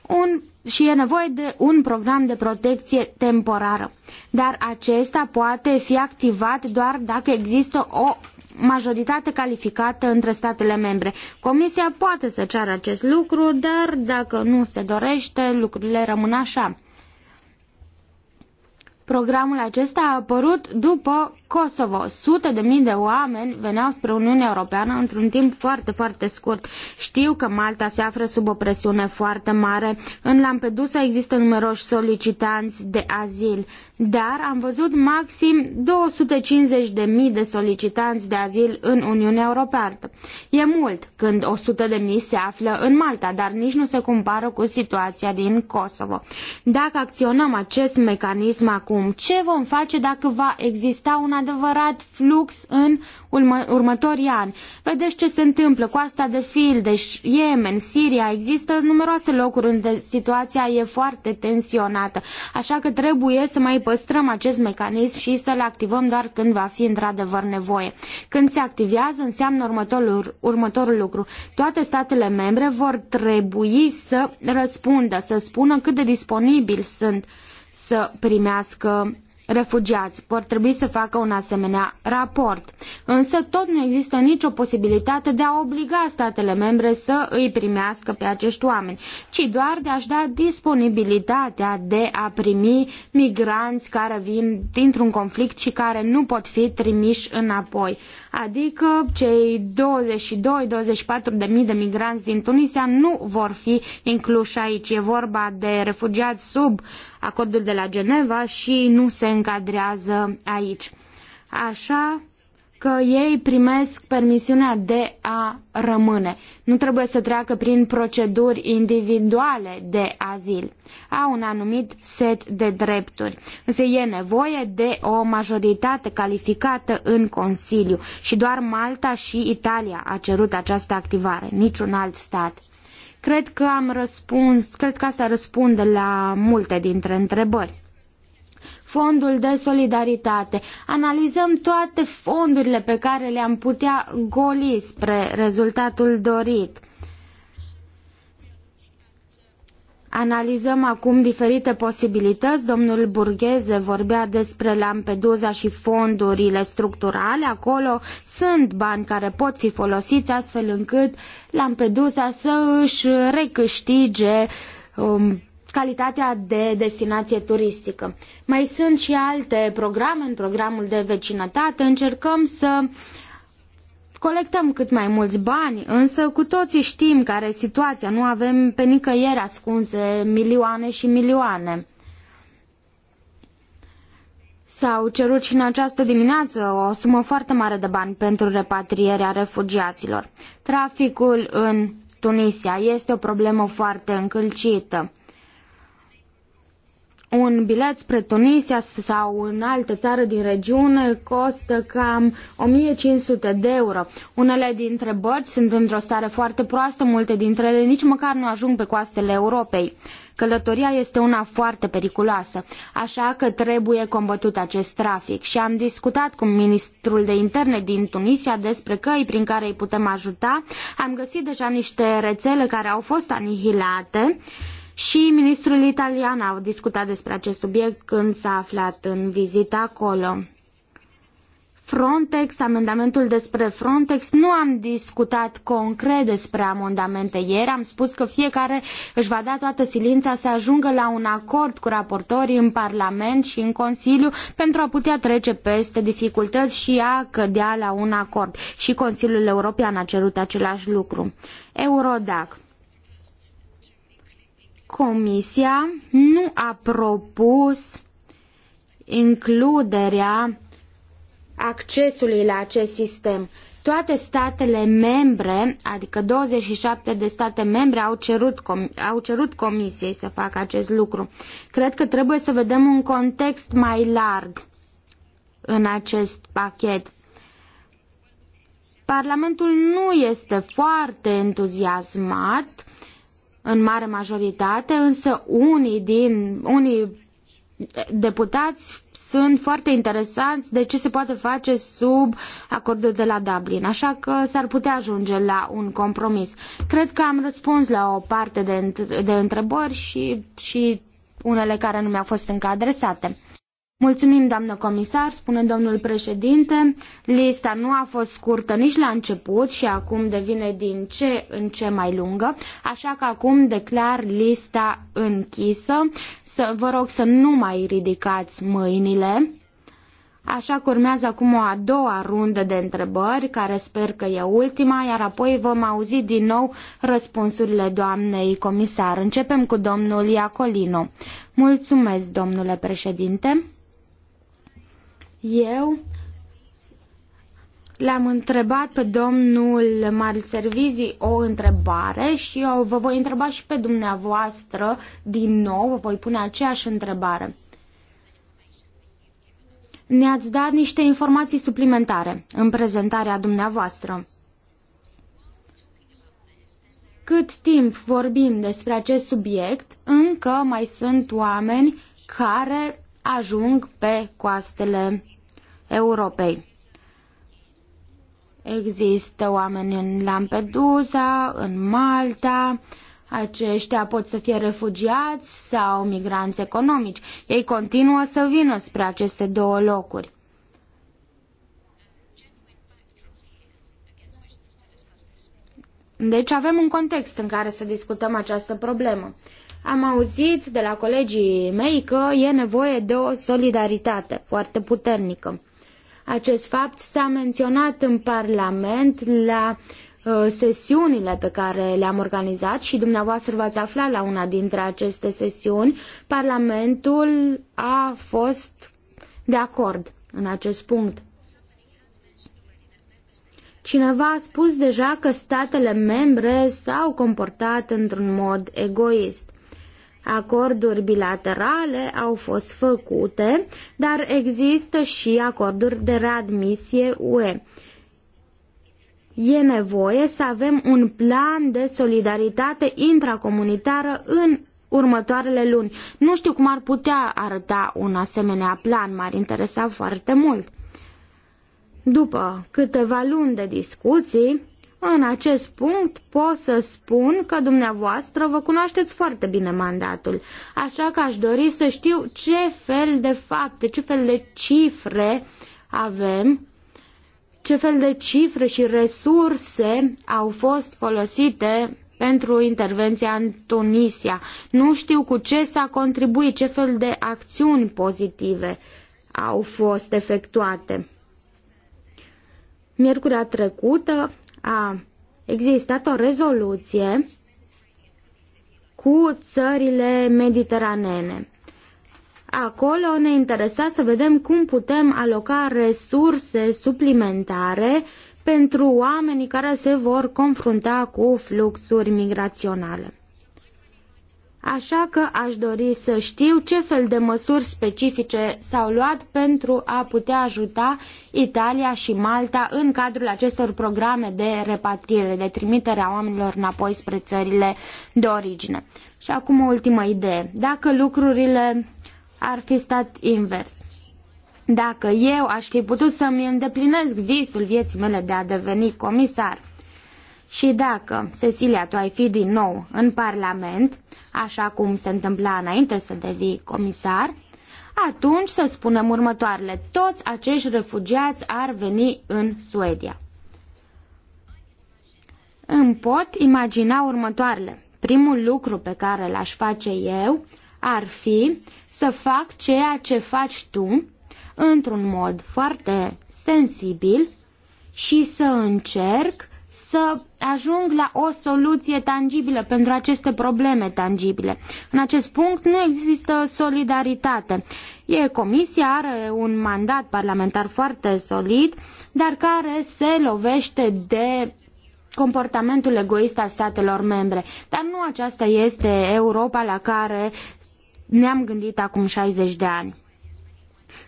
Un, și e nevoie de un program de protecție temporară. Dar acesta poate fi activat doar dacă există o majoritate calificată între statele membre. Comisia poate să ceară acest lucru, dar dacă nu se dorește, lucrurile rămân așa. Programul acesta a apărut după Kosovo. Sute de mii de oameni veneau spre Uniunea Europeană într-un timp foarte, foarte scurt. Știu că Malta se află sub o presiune foarte mare. În Lampedusa există numeroși solicitanți de azil, dar am văzut maxim 250 de mii de solicitanți de azil în Uniunea Europeană. E mult când 100 de mii se află în Malta, dar nici nu se compară cu situația din Kosovo. Dacă acționăm acest mecanism acum, ce vom face dacă va exista un adevărat flux în următorii ani. Vedeți ce se întâmplă cu asta de Fildeș, Yemen, Siria, există numeroase locuri unde situația e foarte tensionată, așa că trebuie să mai păstrăm acest mecanism și să-l activăm doar când va fi într-adevăr nevoie. Când se activează, înseamnă următorul, următorul lucru. Toate statele membre vor trebui să răspundă, să spună cât de disponibili sunt să primească refugiați vor trebui să facă un asemenea raport. Însă tot nu există nicio posibilitate de a obliga statele membre să îi primească pe acești oameni, ci doar de a-și da disponibilitatea de a primi migranți care vin dintr-un conflict și care nu pot fi trimiși înapoi adică cei 22-24 de mii de migranți din Tunisia nu vor fi incluși aici. E vorba de refugiați sub acordul de la Geneva și nu se încadrează aici. Așa că ei primesc permisiunea de a rămâne nu trebuie să treacă prin proceduri individuale de azil. Au un anumit set de drepturi. Însă e nevoie de o majoritate calificată în Consiliu și doar Malta și Italia a cerut această activare, niciun alt stat. Cred că am răspuns, cred că asta răspunde la multe dintre întrebări fondul de solidaritate. Analizăm toate fondurile pe care le-am putea goli spre rezultatul dorit. Analizăm acum diferite posibilități. Domnul Burgheze vorbea despre Lampedusa și fondurile structurale. Acolo sunt bani care pot fi folosiți astfel încât Lampedusa să își recâștige um, calitatea de destinație turistică. Mai sunt și alte programe în programul de vecinătate. Încercăm să colectăm cât mai mulți bani, însă cu toții știm care e situația. Nu avem pe nicăieri ascunse milioane și milioane. S-au cerut și în această dimineață o sumă foarte mare de bani pentru repatrierea refugiaților. Traficul în Tunisia este o problemă foarte încălcită un bilet spre Tunisia sau în altă țară din regiune costă cam 1500 de euro. Unele dintre bărci sunt într-o stare foarte proastă, multe dintre ele nici măcar nu ajung pe coastele Europei. Călătoria este una foarte periculoasă, așa că trebuie combătut acest trafic și am discutat cu ministrul de interne din Tunisia despre căi prin care îi putem ajuta. Am găsit deja niște rețele care au fost anihilate și ministrul italian au discutat despre acest subiect când s-a aflat în vizită acolo. Frontex, amendamentul despre Frontex, nu am discutat concret despre amendamente ieri, am spus că fiecare își va da toată silința să ajungă la un acord cu raportorii în Parlament și în Consiliu pentru a putea trece peste dificultăți și a cădea la un acord. Și Consiliul European a cerut același lucru. Eurodac. Comisia nu a propus includerea accesului la acest sistem. Toate statele membre, adică 27 de state membre, au cerut, au cerut Comisiei să facă acest lucru. Cred că trebuie să vedem un context mai larg în acest pachet. Parlamentul nu este foarte entuziasmat în mare majoritate, însă unii din unii deputați sunt foarte interesanți de ce se poate face sub acordul de la Dublin, așa că s-ar putea ajunge la un compromis. Cred că am răspuns la o parte de, de întrebări și, și unele care nu mi-au fost încă adresate. Mulțumim, doamnă comisar, spune domnul președinte. Lista nu a fost scurtă nici la început și acum devine din ce în ce mai lungă, așa că acum declar lista închisă. Să, vă rog să nu mai ridicați mâinile. Așa că urmează acum o a doua rundă de întrebări, care sper că e ultima, iar apoi vom auzi din nou răspunsurile doamnei comisar. Începem cu domnul Iacolino. Mulțumesc, domnule președinte. Eu l-am întrebat pe domnul Servizii o întrebare și eu vă voi întreba și pe dumneavoastră din nou, vă voi pune aceeași întrebare. Ne-ați dat niște informații suplimentare în prezentarea dumneavoastră. Cât timp vorbim despre acest subiect, încă mai sunt oameni care ajung pe coastele Europei. Există oameni în Lampedusa, în Malta, aceștia pot să fie refugiați sau migranți economici. Ei continuă să vină spre aceste două locuri. Deci avem un context în care să discutăm această problemă. Am auzit de la colegii mei că e nevoie de o solidaritate foarte puternică. Acest fapt s-a menționat în Parlament la uh, sesiunile pe care le-am organizat și dumneavoastră v-ați aflat la una dintre aceste sesiuni, Parlamentul a fost de acord în acest punct. Cineva a spus deja că statele membre s-au comportat într-un mod egoist. Acorduri bilaterale au fost făcute, dar există și acorduri de readmisie UE e nevoie să avem un plan de solidaritate intracomunitară în următoarele luni. Nu știu cum ar putea arăta un asemenea plan, m-ar interesa foarte mult. După câteva luni de discuții, în acest punct pot să spun că dumneavoastră vă cunoașteți foarte bine mandatul, așa că aș dori să știu ce fel de fapte, ce fel de cifre avem, ce fel de cifre și resurse au fost folosite pentru intervenția în Tunisia. Nu știu cu ce s-a contribuit, ce fel de acțiuni pozitive au fost efectuate. Miercurea trecută a existat o rezoluție cu țările mediteranene. Acolo ne interesa să vedem cum putem aloca resurse suplimentare pentru oamenii care se vor confrunta cu fluxuri migraționale. Așa că aș dori să știu ce fel de măsuri specifice s-au luat pentru a putea ajuta Italia și Malta în cadrul acestor programe de repatriere, de trimitere a oamenilor înapoi spre țările de origine. Și acum o ultimă idee. Dacă lucrurile ar fi stat invers. Dacă eu aș fi putut să-mi îndeplinesc visul vieții mele de a deveni comisar, și dacă, Cecilia, tu ai fi din nou în Parlament, așa cum se întâmpla înainte să devii comisar, atunci să spunem următoarele, toți acești refugiați ar veni în Suedia. Îmi pot imagina următoarele. Primul lucru pe care l-aș face eu ar fi să fac ceea ce faci tu într-un mod foarte sensibil și să încerc să ajung la o soluție tangibilă pentru aceste probleme tangibile. În acest punct nu există solidaritate. E, comisia are un mandat parlamentar foarte solid, dar care se lovește de comportamentul egoist al statelor membre. Dar nu aceasta este Europa la care ne-am gândit acum 60 de ani.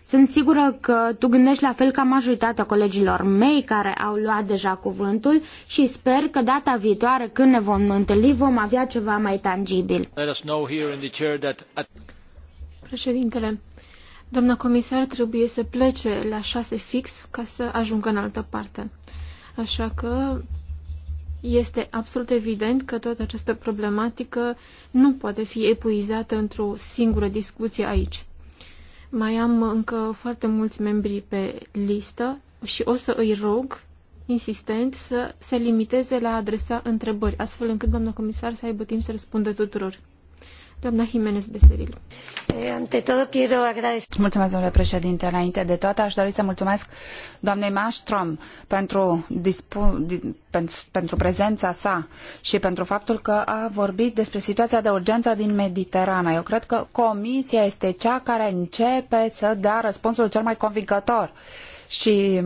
Sunt sigură că tu gândești la fel ca majoritatea colegilor mei care au luat deja cuvântul și sper că data viitoare când ne vom întâlni vom avea ceva mai tangibil. Președintele, doamna comisar trebuie să plece la șase fix ca să ajungă în altă parte. Așa că este absolut evident că toată această problematică nu poate fi epuizată într-o singură discuție aici. Mai am încă foarte mulți membri pe listă și o să îi rog insistent să se limiteze la adresa întrebări, astfel încât doamna comisar să aibă timp să răspundă tuturor. Doamna Jimenez Beseril. Eh, ante todo quiero agradecer. Mulțumesc, domnule președinte. Înainte de toate, aș dori să mulțumesc doamnei Maastrom pentru, dispu... pentru prezența sa și pentru faptul că a vorbit despre situația de urgență din Mediterana. Eu cred că Comisia este cea care începe să dea răspunsul cel mai convingător. Și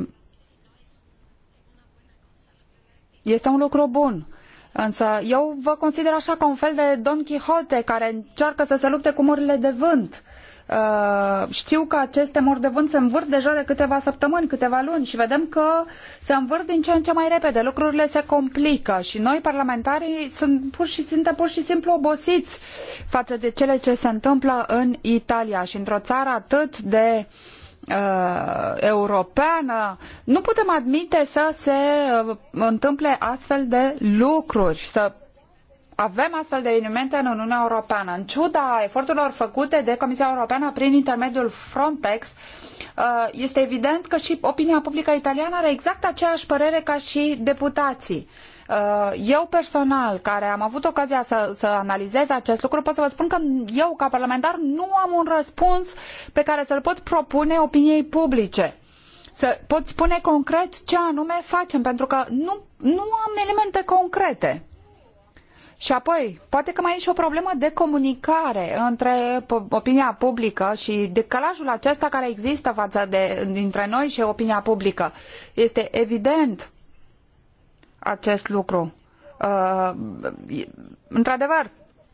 este un lucru bun Însă eu vă consider așa ca un fel de Don Quixote care încearcă să se lupte cu morile de vânt. Uh, știu că aceste mori de vânt se învârt deja de câteva săptămâni, câteva luni și vedem că se învârt din ce în ce mai repede, lucrurile se complică și noi parlamentarii sunt pur și, suntem pur și simplu obosiți față de cele ce se întâmplă în Italia și într-o țară atât de uh, uh, europeană, nu putem admite să se uh, întâmple astfel de lucruri, să avem astfel de evenimente în Uniunea Europeană. În ciuda eforturilor făcute de Comisia Europeană prin intermediul Frontex, uh, este evident că și opinia publică italiană are exact aceeași părere ca și deputații. Uh, eu personal, care am avut ocazia să, să analizez acest lucru, pot să vă spun că eu, ca parlamentar, nu am un răspuns pe care să-l pot propune opiniei publice să pot spune concret ce anume facem, pentru că nu, nu am elemente concrete. Și apoi, poate că mai e și o problemă de comunicare între opinia publică și decalajul acesta care există față de, dintre noi și opinia publică. Este evident acest lucru. Uh, într-adevăr,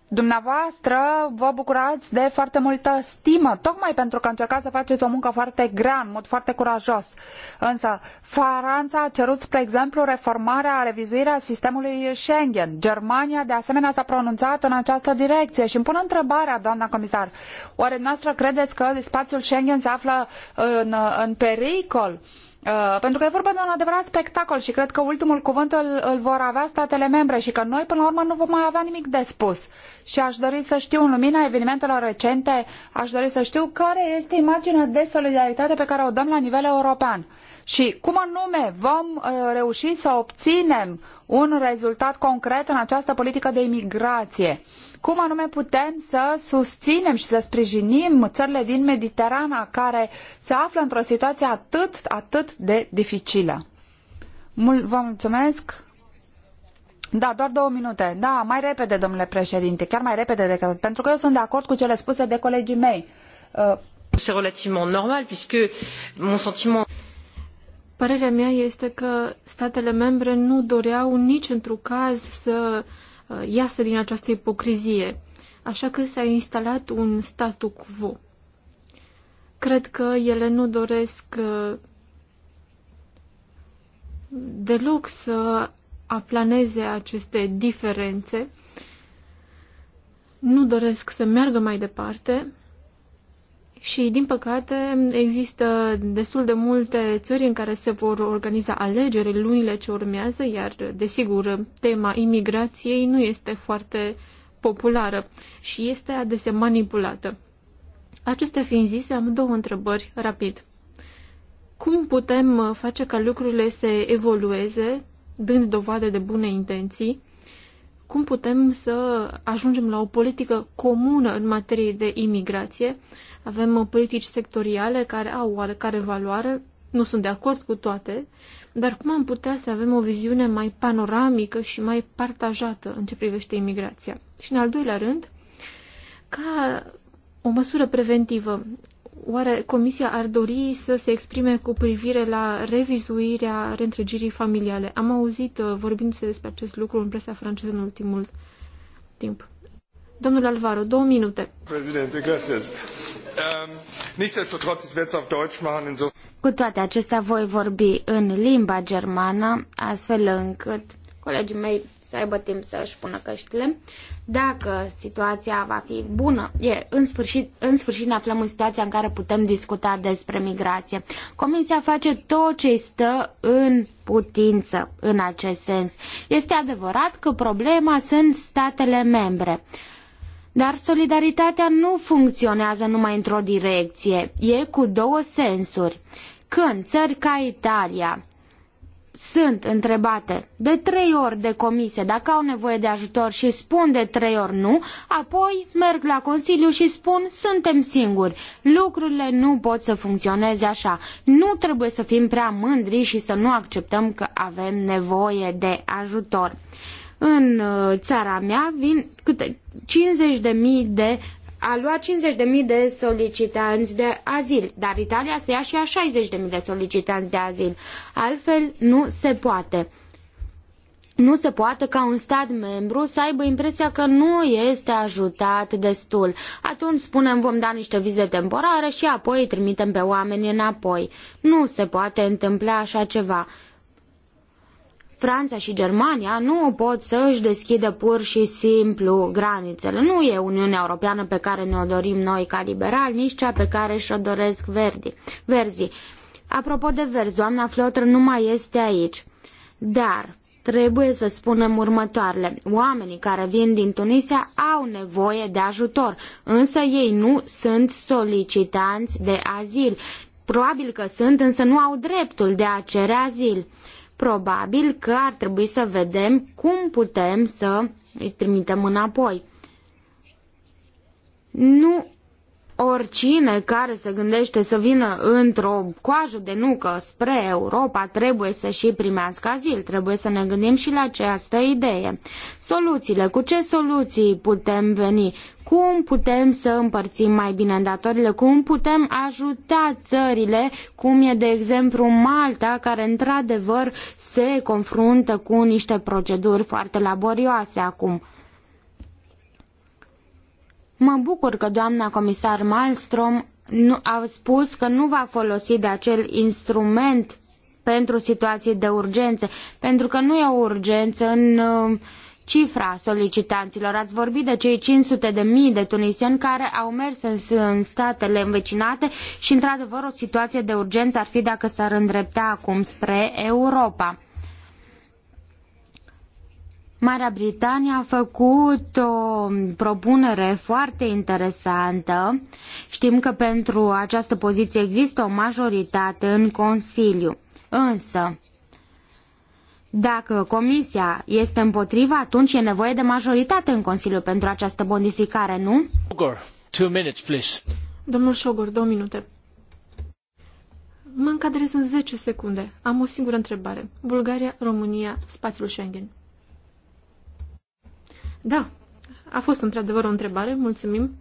dumneavoastră vă bucurați de foarte multă stimă, tocmai pentru că încercați să faceți o muncă foarte grea, în mod foarte curajos. Însă, Franța a cerut, spre exemplu, reformarea, revizuirea sistemului Schengen. Germania, de asemenea, s-a pronunțat în această direcție. Și îmi pun întrebarea, doamna comisar, oare noastră credeți că spațiul Schengen se află în, în pericol? Uh, Uh, pentru că e vorba de un adevărat spectacol și cred că ultimul cuvânt îl, îl, vor avea statele membre și că noi până la urmă nu vom mai avea nimic de spus. Și aș dori să știu în lumina evenimentelor recente, aș dori să știu care este imaginea de solidaritate pe care o dăm la nivel european și cum anume vom uh, reuși să obținem un rezultat concret în această politică de imigrație. Cum anume putem să susținem și să sprijinim țările din Mediterana care se află într-o situație atât, atât de dificilă. Mul- vă mulțumesc. Da, doar două minute. Da, mai repede, domnule președinte, chiar mai repede decât, pentru că eu sunt de acord cu cele spuse de colegii mei. Uh, c'est relativement normal puisque mon sentiment Părerea mea este că statele membre nu doreau nici într-un caz să uh, iasă din această ipocrizie, așa că s-a instalat un statu quo. Cred că ele nu doresc uh, deloc să aplaneze aceste diferențe, nu doresc să meargă mai departe și, din păcate, există destul de multe țări în care se vor organiza alegeri lunile ce urmează, iar, desigur, tema imigrației nu este foarte populară și este adesea manipulată. Acestea fiind zise, am două întrebări rapid. Cum putem face ca lucrurile să evolueze, dând dovadă de bune intenții? Cum putem să ajungem la o politică comună în materie de imigrație? Avem politici sectoriale care au oarecare valoare, nu sunt de acord cu toate, dar cum am putea să avem o viziune mai panoramică și mai partajată în ce privește imigrația? Și în al doilea rând, ca o măsură preventivă, oare Comisia ar dori să se exprime cu privire la revizuirea reîntregirii familiale? Am auzit uh, vorbindu-se despre acest lucru în presa franceză în ultimul timp. Domnul Alvaro, două minute. Președinte, gracias. Ähm, Cu toate acestea voi vorbi în limba germană, astfel încât colegii mei să aibă timp să își pună căștile. Dacă situația va fi bună, e, în, sfârșit, în sfârșit ne aflăm în situația în care putem discuta despre migrație. Comisia face tot ce stă în putință în acest sens. Este adevărat că problema sunt statele membre. Dar solidaritatea nu funcționează numai într-o direcție, e cu două sensuri. Când țări ca Italia sunt întrebate de trei ori de comisie dacă au nevoie de ajutor și spun de trei ori nu, apoi merg la Consiliu și spun suntem singuri. Lucrurile nu pot să funcționeze așa. Nu trebuie să fim prea mândri și să nu acceptăm că avem nevoie de ajutor. În uh, țara mea vin câte 50.000 de a luat 50.000 de solicitanți de azil, dar Italia se ia și a 60.000 de solicitanți de azil. Altfel nu se poate. Nu se poate ca un stat membru să aibă impresia că nu este ajutat destul. Atunci spunem vom da niște vize temporare și apoi îi trimitem pe oameni înapoi. Nu se poate întâmpla așa ceva. Franța și Germania nu pot să își deschidă pur și simplu granițele. Nu e Uniunea Europeană pe care ne-o dorim noi ca liberali, nici cea pe care și-o doresc verdi, Verzi. Apropo de verzi, doamna Flotră nu mai este aici. Dar trebuie să spunem următoarele. Oamenii care vin din Tunisia au nevoie de ajutor, însă ei nu sunt solicitanți de azil. Probabil că sunt, însă nu au dreptul de a cere azil probabil că ar trebui să vedem cum putem să îi trimitem înapoi. Nu Oricine care se gândește să vină într-o coajă de nucă spre Europa trebuie să și primească azil, trebuie să ne gândim și la această idee. Soluțiile, cu ce soluții putem veni? Cum putem să împărțim mai bine datorile? Cum putem ajuta țările, cum e de exemplu Malta, care într-adevăr se confruntă cu niște proceduri foarte laborioase acum? Mă bucur că doamna comisar Malmström a spus că nu va folosi de acel instrument pentru situații de urgență, pentru că nu e o urgență în uh, cifra solicitanților. Ați vorbit de cei 500 de mii de tunisieni care au mers în, în statele învecinate și, într-adevăr, o situație de urgență ar fi dacă s-ar îndrepta acum spre Europa. Marea Britanie a făcut o propunere foarte interesantă. Știm că pentru această poziție există o majoritate în Consiliu. Însă, dacă Comisia este împotrivă, atunci e nevoie de majoritate în Consiliu pentru această modificare, nu? Two minutes, please. Domnul Șogor, două minute. Mă încadrez în 10 secunde. Am o singură întrebare. Bulgaria, România, spațiul Schengen. Da, a fost într-adevăr o întrebare, mulțumim.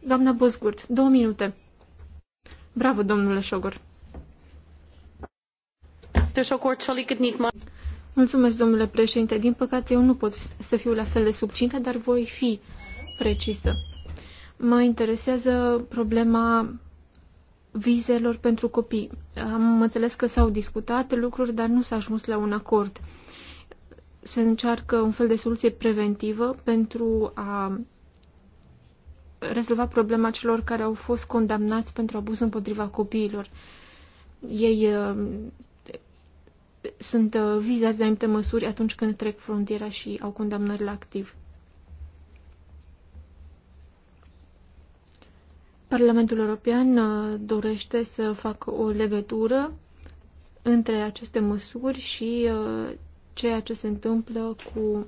Doamna Bosgurt, două minute. Bravo, domnule Șogor. Mulțumesc, domnule președinte. Din păcate, eu nu pot să fiu la fel de succintă, dar voi fi precisă. Mă interesează problema vizelor pentru copii. Am înțeles că s-au discutat lucruri, dar nu s-a ajuns la un acord se încearcă un fel de soluție preventivă pentru a rezolva problema celor care au fost condamnați pentru abuz împotriva copiilor. Ei uh, sunt uh, vizați de anumite măsuri atunci când trec frontiera și au condamnări la activ. Parlamentul European uh, dorește să facă o legătură între aceste măsuri și uh, ceea ce se întâmplă cu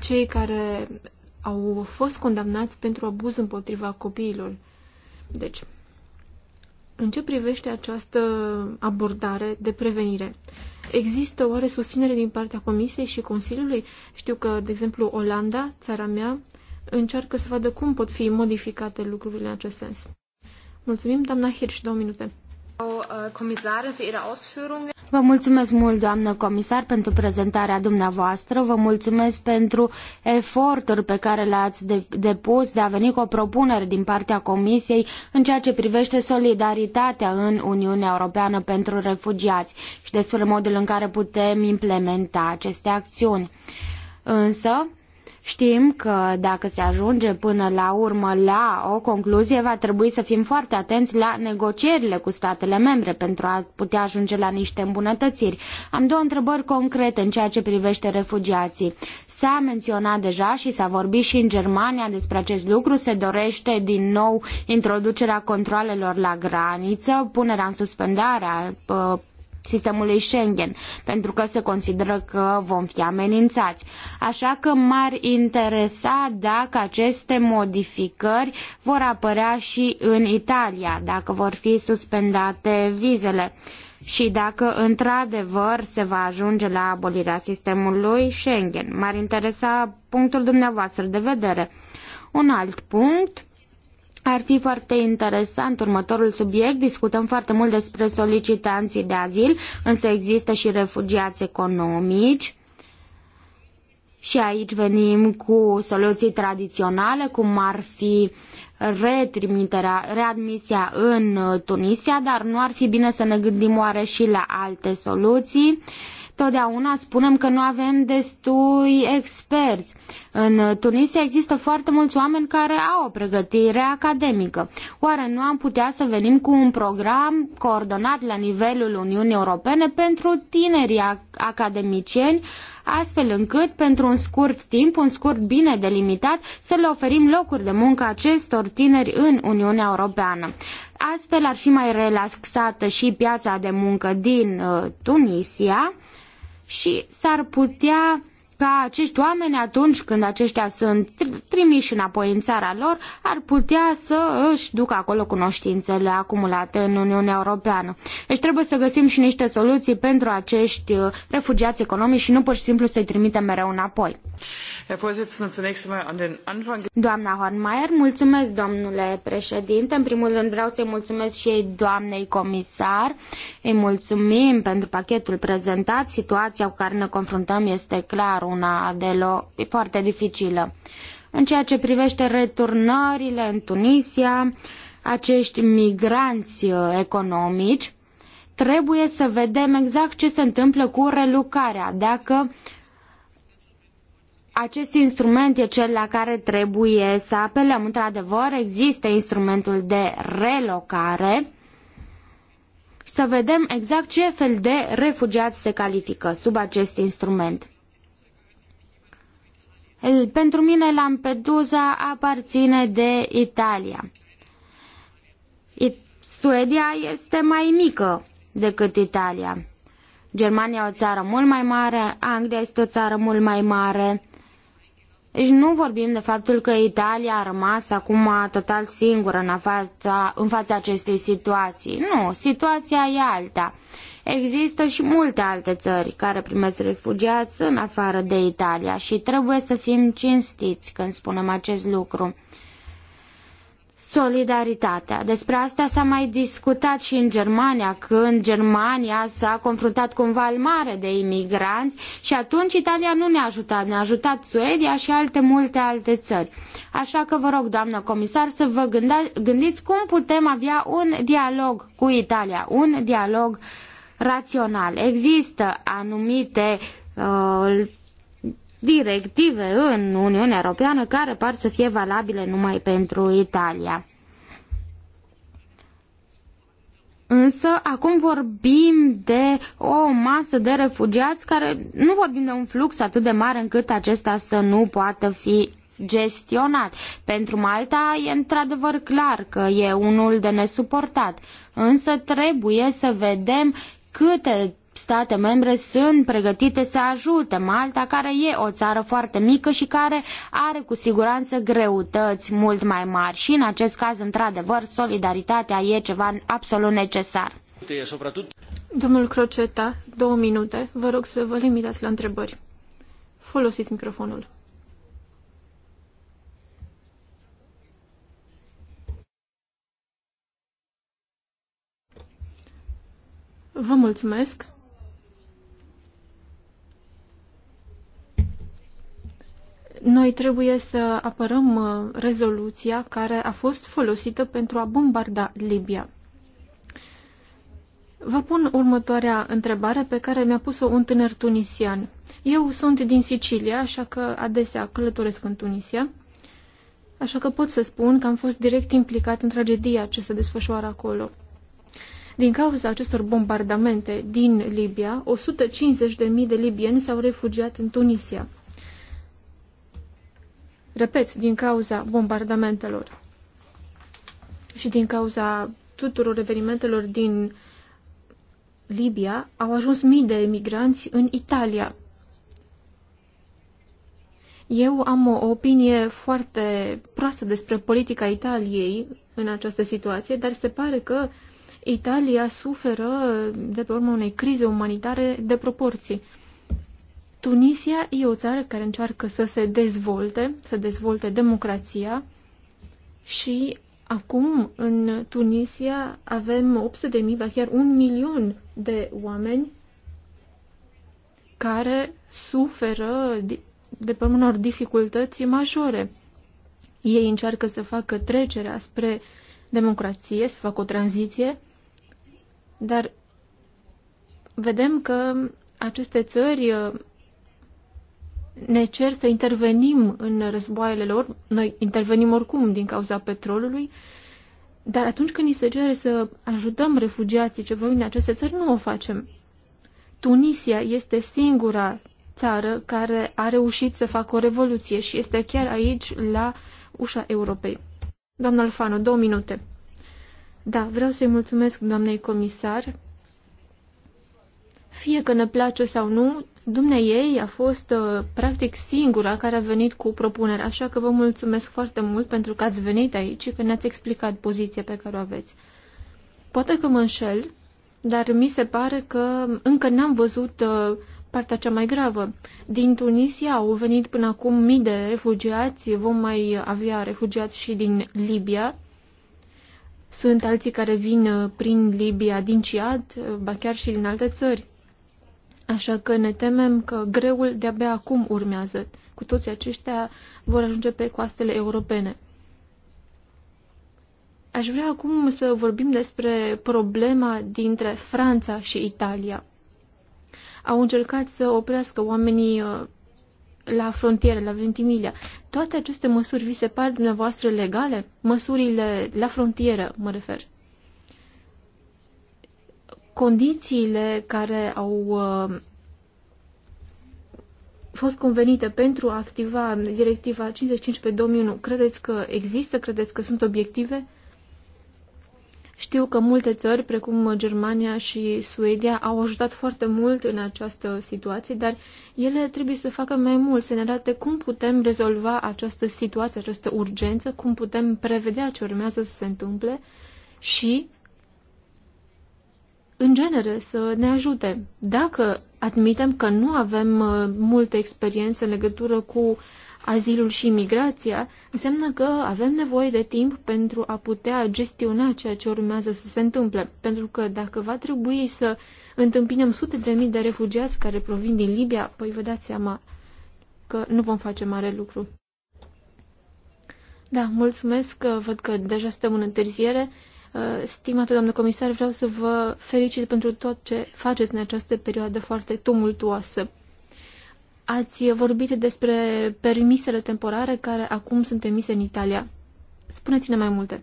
cei care au fost condamnați pentru abuz împotriva copiilor. Deci, în ce privește această abordare de prevenire? Există oare susținere din partea Comisiei și Consiliului? Știu că, de exemplu, Olanda, țara mea, încearcă să vadă cum pot fi modificate lucrurile în acest sens. Mulțumim, doamna Hirsch, două minute. Äh, Vă mulțumesc mult, doamnă comisar, pentru prezentarea dumneavoastră. Vă mulțumesc pentru efortul pe care l ați depus de a veni cu o propunere din partea Comisiei în ceea ce privește solidaritatea în Uniunea Europeană pentru refugiați și despre modul în care putem implementa aceste acțiuni. Însă, Știm că dacă se ajunge până la urmă la o concluzie, va trebui să fim foarte atenți la negocierile cu statele membre pentru a putea ajunge la niște îmbunătățiri. Am două întrebări concrete în ceea ce privește refugiații. S-a menționat deja și s-a vorbit și în Germania despre acest lucru. Se dorește din nou introducerea controalelor la graniță, punerea în suspendare a uh, sistemului Schengen, pentru că se consideră că vom fi amenințați. Așa că m-ar interesa dacă aceste modificări vor apărea și în Italia, dacă vor fi suspendate vizele și dacă într-adevăr se va ajunge la abolirea sistemului Schengen. M-ar interesa punctul dumneavoastră de vedere. Un alt punct ar fi foarte interesant următorul subiect. Discutăm foarte mult despre solicitanții de azil, însă există și refugiați economici. Și aici venim cu soluții tradiționale, cum ar fi retrimiterea, readmisia în Tunisia, dar nu ar fi bine să ne gândim oare și la alte soluții. Uh, Totdeauna spunem că nu avem destui experți. În Tunisia există foarte mulți oameni care au o pregătire academică. Oare nu am putea să venim cu un program coordonat la nivelul Uniunii Europene pentru tinerii academicieni astfel încât, pentru un scurt timp, un scurt bine delimitat, să le oferim locuri de muncă acestor tineri în Uniunea Europeană. Astfel ar fi mai relaxată și piața de muncă din uh, Tunisia, și s-ar putea ca acești oameni, atunci când aceștia sunt trimiși înapoi în țara lor, ar putea să își ducă acolo cunoștințele acumulate în Uniunea Europeană. Deci trebuie să găsim și niște soluții pentru acești uh, refugiați economici și nu pur și simplu să-i trimitem mereu înapoi. Doamna Hornmaier, mulțumesc, domnule președinte. În primul rând vreau să-i mulțumesc și ei doamnei comisar. Îi mulțumim pentru pachetul prezentat. Situația cu care ne confruntăm este clar una deloc, foarte dificilă. În ceea ce privește returnările în Tunisia, acești migranți uh, economici, trebuie să vedem exact ce se întâmplă cu relucarea, dacă acest instrument e cel la care trebuie să apelăm. Într-adevăr, există instrumentul de relocare și să vedem exact ce fel de refugiați se califică sub acest instrument. Pentru mine Lampedusa aparține de Italia. Suedia este mai mică decât Italia. Germania e o țară mult mai mare, Anglia este o țară mult mai mare. Deci nu vorbim de faptul că Italia a rămas acum total singură în fața, în fața acestei situații. Nu, situația e alta. Există și multe alte țări care primesc refugiați în afară de Italia și trebuie să fim cinstiți când spunem acest lucru. Solidaritatea. Despre asta s-a mai discutat și în Germania, când Germania s-a confruntat cu un val mare de imigranți și atunci Italia nu ne-a ajutat, ne-a ajutat Suedia și alte multe alte țări. Așa că vă rog, doamnă comisar, să vă gândiți cum putem avea un dialog cu Italia, un dialog uh, rațional. Există anumite uh, directive în Uniunea Europeană care par să fie valabile numai pentru Italia. Însă acum vorbim de o masă de refugiați care nu vorbim de un flux atât de mare încât acesta să nu poată fi gestionat. Pentru Malta e într-adevăr clar că e unul de nesuportat, însă trebuie să vedem câte state membre sunt pregătite să ajute Malta, care e o țară foarte mică și care are cu siguranță greutăți mult mai mari. Și în acest caz, într-adevăr, solidaritatea e ceva absolut necesar. Domnul Croceta, două minute. Vă rog să vă limitați la întrebări. Folosiți microfonul. Vă mulțumesc. Noi trebuie să apărăm uh, rezoluția care a fost folosită pentru a bombarda Libia. Vă pun următoarea întrebare pe care mi-a pus-o un tânăr tunisian. Eu sunt din Sicilia, așa că adesea călătoresc în Tunisia, așa că pot să spun că am fost direct implicat în tragedia ce se desfășoară acolo. Din cauza acestor bombardamente din Libia, 150.000 de libieni s-au refugiat în Tunisia. Repet, din cauza bombardamentelor și din cauza tuturor evenimentelor din Libia, au ajuns mii de emigranți în Italia. Eu am o opinie foarte proastă despre politica Italiei în această situație, dar se pare că uh, Italia suferă de pe urma unei crize umanitare de proporții. Tunisia e o țară care încearcă să se dezvolte, să dezvolte democrația și acum în Tunisia avem 800.000, mii, chiar un milion de oameni care suferă de pe unor dificultăți majore. Ei încearcă să facă trecerea spre democrație, să facă o tranziție, dar vedem că aceste țări uh, ne cer să intervenim în războaiele lor. Noi intervenim oricum din cauza petrolului, dar atunci când ni se cere să ajutăm refugiații ce vin din aceste țări, nu o facem. Tunisia este singura țară care a reușit să facă o revoluție și este chiar aici, la ușa Europei. Doamna Alfano, două minute. Da, vreau să-i mulțumesc doamnei comisar. Fie că ne place sau nu, dumnei ei a fost uh, practic singura care a venit cu propunerea, așa că vă mulțumesc foarte mult pentru că ați venit aici și că ne-ați explicat poziția pe care o aveți. Poate că mă înșel, dar mi se pare că încă n-am văzut uh, partea cea mai gravă. Din Tunisia au venit până acum mii de refugiați, vom mai avea refugiați și din Libia sunt alții care vin uh, prin Libia din Ciad, uh, ba chiar și din alte țări. Așa că ne temem că greul de-abia acum urmează. Cu toți aceștia vor ajunge pe coastele europene. Aș vrea acum să vorbim despre problema dintre Franța și Italia. Au încercat să oprească oamenii uh, la frontieră, la Ventimiglia. Toate aceste măsuri vi se par dumneavoastră legale? Măsurile la frontieră, mă refer. Condițiile care au uh, fost convenite pentru a activa directiva 55 pe 2001, credeți că există? Credeți că sunt obiective? Uh, știu că multe țări, precum Germania și Suedia, au ajutat foarte mult în această situație, dar ele trebuie să facă mai mult, să ne arate cum putem rezolva această situație, această urgență, cum putem prevedea ce urmează să se întâmple și, în genere, să ne ajute. Dacă admitem că nu avem uh, multe experiențe în legătură cu uh, azilul și migrația, înseamnă că avem nevoie de timp pentru a putea gestiona ceea ce urmează să se întâmple. Pentru că dacă va trebui să întâmpinăm sute de mii de refugiați care provin din Libia, păi vă dați seama că nu vom face mare lucru. Da, mulțumesc că văd că deja suntem în întârziere. Uh, stimată doamnă comisar, vreau să vă felicit pentru tot ce faceți în această perioadă foarte tumultuoasă. Ați vorbit despre permisele temporare care acum sunt emise în Italia. Spuneți-ne mai multe.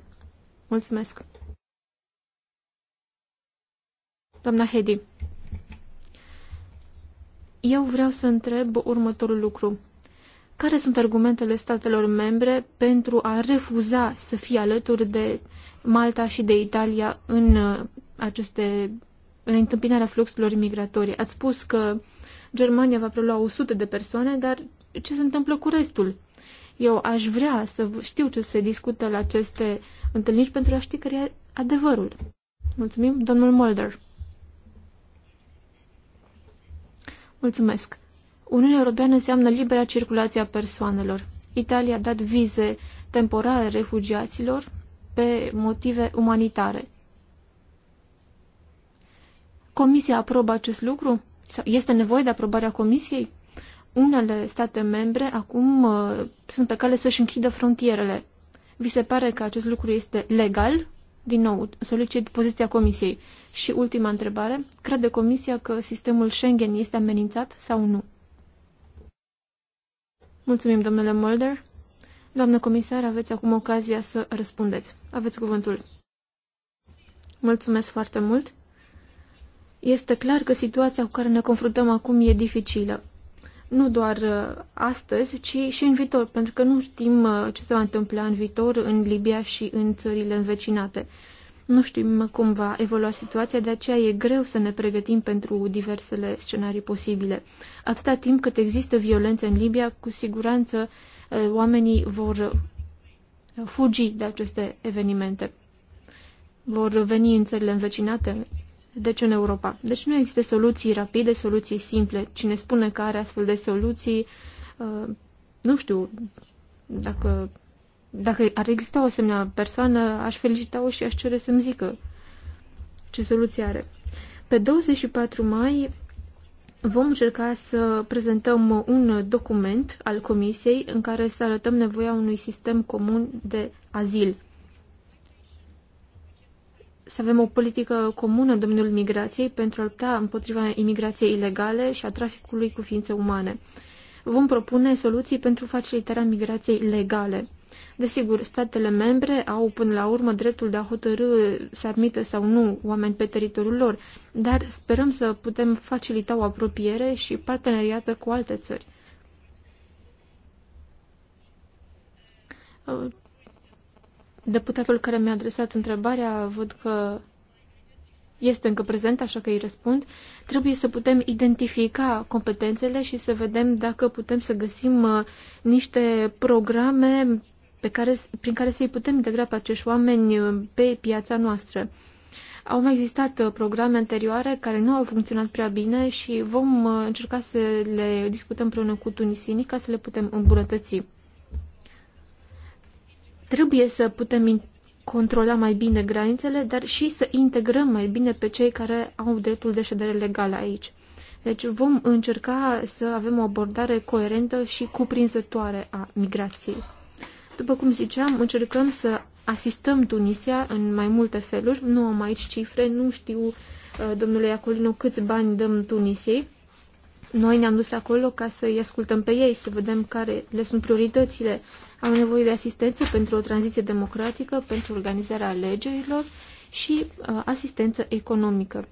Mulțumesc. Doamna Hedi, eu vreau să întreb următorul lucru. Care sunt argumentele statelor membre pentru a refuza să fie alături de Malta și de Italia în uh, aceste în întâmpinarea fluxurilor migratorii? Ați spus că uh, Germania va prelua 100 de persoane, dar ce se întâmplă cu restul? Eu aș vrea să știu ce se discută la aceste întâlniri pentru a ști care e adevărul. Mulțumim, domnul Mulder. Mulțumesc. Uniunea Europeană înseamnă libera circulație a persoanelor. Italia a dat vize temporare refugiaților pe motive umanitare. Comisia aprobă acest lucru? este nevoie de aprobarea Comisiei? Unele state membre acum uh, sunt pe cale să-și închidă frontierele. Vi se pare că acest lucru este legal? Din nou, solicit poziția Comisiei. Și ultima întrebare, crede Comisia că sistemul Schengen este amenințat sau nu? Mulțumim, domnule Mulder. Doamnă comisar, aveți acum ocazia să răspundeți. Aveți cuvântul. Mulțumesc foarte mult. Este clar că situația cu care ne confruntăm acum e dificilă. Nu doar uh, astăzi, ci și în viitor, pentru că nu știm uh, ce se va întâmpla în viitor în Libia și în țările învecinate. Nu știm cum va evolua situația, de aceea e greu să ne pregătim pentru diversele scenarii posibile. Atâta timp cât există violență în Libia, cu siguranță uh, oamenii vor fugi de aceste evenimente. Vor veni în țările învecinate, deci în Europa. Deci nu există soluții rapide, soluții simple. Cine spune că are astfel de soluții, uh, nu știu dacă, dacă ar exista o asemenea persoană, aș felicita-o și aș cere să-mi zică ce soluție are. Pe 24 mai vom încerca să prezentăm un document al Comisiei în care să arătăm nevoia unui sistem comun de azil să avem o politică comună în domeniul migrației pentru a lupta împotriva imigrației ilegale și a traficului cu ființe umane. Vom propune soluții pentru facilitarea migrației legale. Desigur, statele membre au până la urmă dreptul de a hotărâ să admită sau nu oameni pe teritoriul lor, dar sperăm să putem facilita o apropiere și parteneriată cu alte țări. Deputatul care mi-a adresat întrebarea, văd că este încă prezent, așa că îi răspund, trebuie să putem identifica competențele și să vedem dacă putem să găsim uh, niște programe pe care, prin care să-i putem integra pe acești oameni uh, pe piața noastră. Au mai existat uh, programe anterioare care nu au funcționat prea bine și vom încerca să le discutăm împreună cu tunisinii ca să le putem îmbunătăți. Trebuie să putem controla mai bine granițele, dar și să integrăm mai bine pe cei care au dreptul de ședere legală aici. Deci vom încerca să avem o abordare coerentă și cuprinzătoare a migrației. După cum ziceam, încercăm să asistăm Tunisia în mai multe feluri. Nu am aici cifre, nu știu, uh, domnule Iacolino, câți bani dăm Tunisiei, noi ne-am dus acolo ca să-i ascultăm pe ei, să vedem care le sunt prioritățile. Au nevoie de asistență pentru o tranziție democratică, pentru organizarea alegerilor și uh, asistență economică.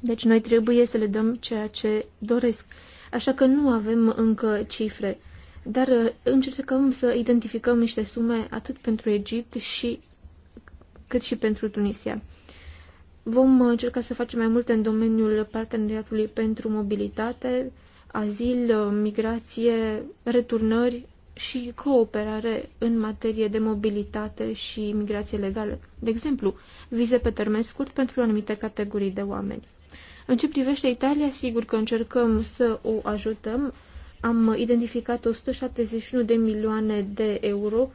Deci noi trebuie să le dăm ceea ce doresc. Așa că nu avem încă cifre, dar uh, încercăm să identificăm niște sume atât pentru Egipt și cât și pentru Tunisia. Vom încerca să facem mai multe în domeniul parteneriatului pentru mobilitate, azil, migrație, returnări și cooperare în materie de mobilitate și migrație legală. De exemplu, vize pe termen scurt pentru anumite categorii de oameni. În ce privește Italia, sigur că încercăm să o ajutăm. Am identificat 171 de milioane de euro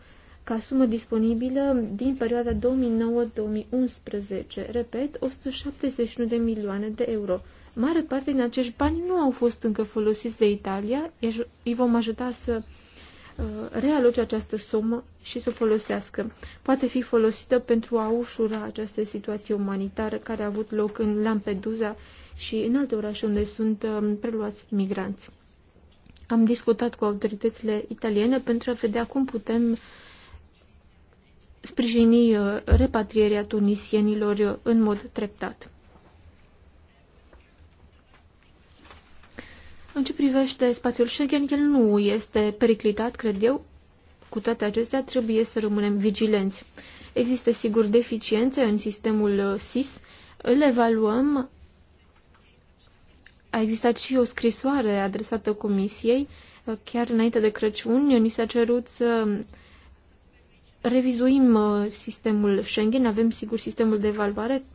ca sumă disponibilă din perioada 2009-2011, repet, 171 de milioane de euro. Mare parte din acești bani nu au fost încă folosiți de Italia, îi vom ajuta să uh, realoce această sumă și să o folosească. Poate fi folosită pentru a ușura această situație umanitară care a avut loc în Lampedusa și în alte orașe unde sunt um, preluați imigranți. Am discutat cu autoritățile italiene pentru a vedea cum putem sprijini uh, repatrierea tunisienilor uh, în mod treptat. În ce privește spațiul Schengen, el nu este periclitat, cred eu. Cu toate acestea, trebuie să rămânem vigilenți. Există, sigur, deficiențe în sistemul SIS. Uh, Îl evaluăm. A existat și o scrisoare adresată Comisiei. Chiar înainte de Crăciun, ni s-a cerut să revizuim uh, sistemul Schengen, avem sigur sistemul de evaluare.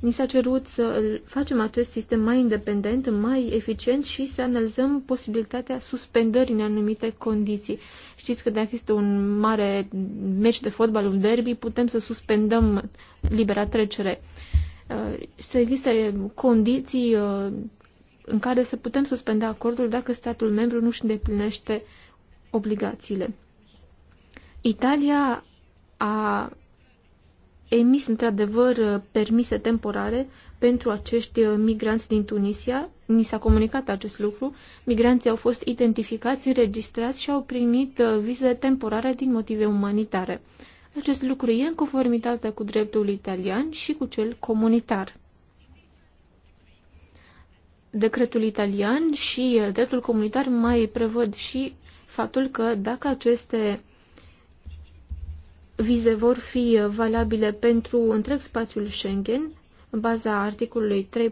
Ni s-a cerut să facem acest sistem mai independent, mai eficient și să analizăm posibilitatea suspendării în anumite condiții. Știți că dacă este un mare meci de fotbal, un derby, putem să suspendăm libera trecere. Uh, să existe condiții uh, în care să putem suspenda acordul dacă statul membru nu își îndeplinește obligațiile. Italia a emis într-adevăr permise temporare pentru acești uh, migranți din Tunisia. Ni s-a comunicat acest lucru. Migranții au fost identificați, înregistrați și au primit uh, vize temporare din motive umanitare. Acest lucru e în conformitate cu dreptul italian și cu cel comunitar. Decretul italian și uh, dreptul comunitar mai prevăd și faptul că dacă aceste vize vor fi valabile pentru întreg spațiul Schengen, în baza articolului 3.2,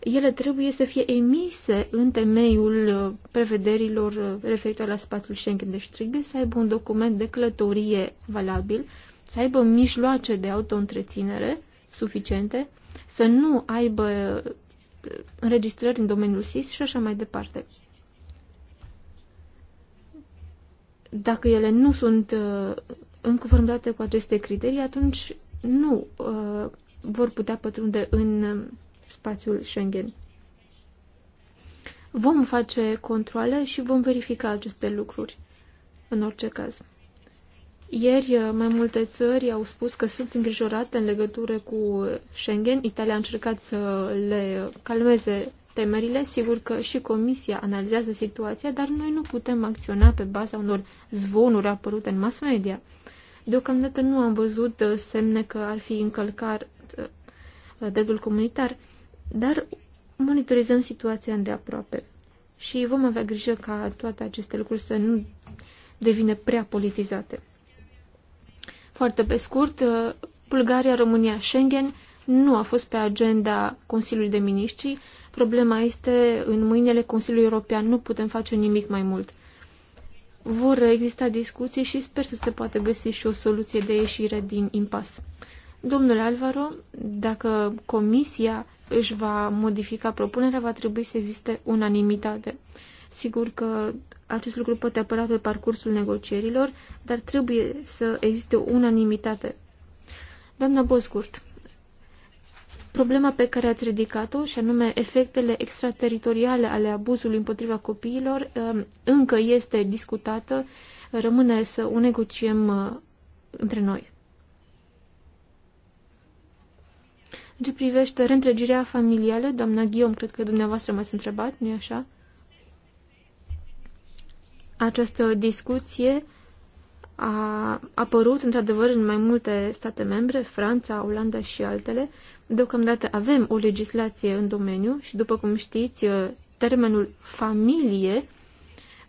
ele trebuie să fie emise în temeiul prevederilor referitoare la spațiul Schengen. Deci trebuie să aibă un document de călătorie valabil, să aibă mijloace de autoîntreținere suficiente, să nu aibă uh, înregistrări în domeniul SIS și așa mai departe. Dacă ele nu sunt uh, în conformitate cu aceste criterii, atunci nu uh, vor putea pătrunde în um, spațiul Schengen. Vom face controle și vom verifica aceste lucruri în orice caz. Ieri uh, mai multe țări au spus că sunt îngrijorate în legătură cu Schengen. Italia a încercat să le calmeze temerile. Sigur că și Comisia analizează situația, dar noi nu putem acționa pe baza unor zvonuri apărute în mass media. Deocamdată nu am văzut uh, semne că ar fi încălcat uh, dreptul comunitar, dar monitorizăm situația îndeaproape și vom avea grijă ca toate aceste lucruri să nu devină prea politizate. Foarte pe scurt, uh, Bulgaria, România, Schengen nu a fost pe agenda Consiliului de Ministri. Problema este în mâinile Consiliului European. Nu putem face nimic mai mult. Vor exista discuții și sper să se poată găsi și o soluție de ieșire din impas. Domnule Alvaro, dacă Comisia își va modifica propunerea, va trebui să existe unanimitate. Sigur că acest lucru poate apăra pe parcursul negocierilor, dar trebuie să existe unanimitate. Doamna Boscurt, problema pe care ați ridicat-o, și anume efectele extrateritoriale ale abuzului împotriva copiilor, um, încă este discutată, rămâne să o negociem uh, între noi. În ce privește reîntregirea familială, doamna Ghiom, cred că dumneavoastră m-ați întrebat, nu-i așa? Această discuție a apărut într-adevăr în mai multe state membre, Franța, Olanda și altele. Deocamdată avem o legislație în domeniu și, după cum știți, termenul familie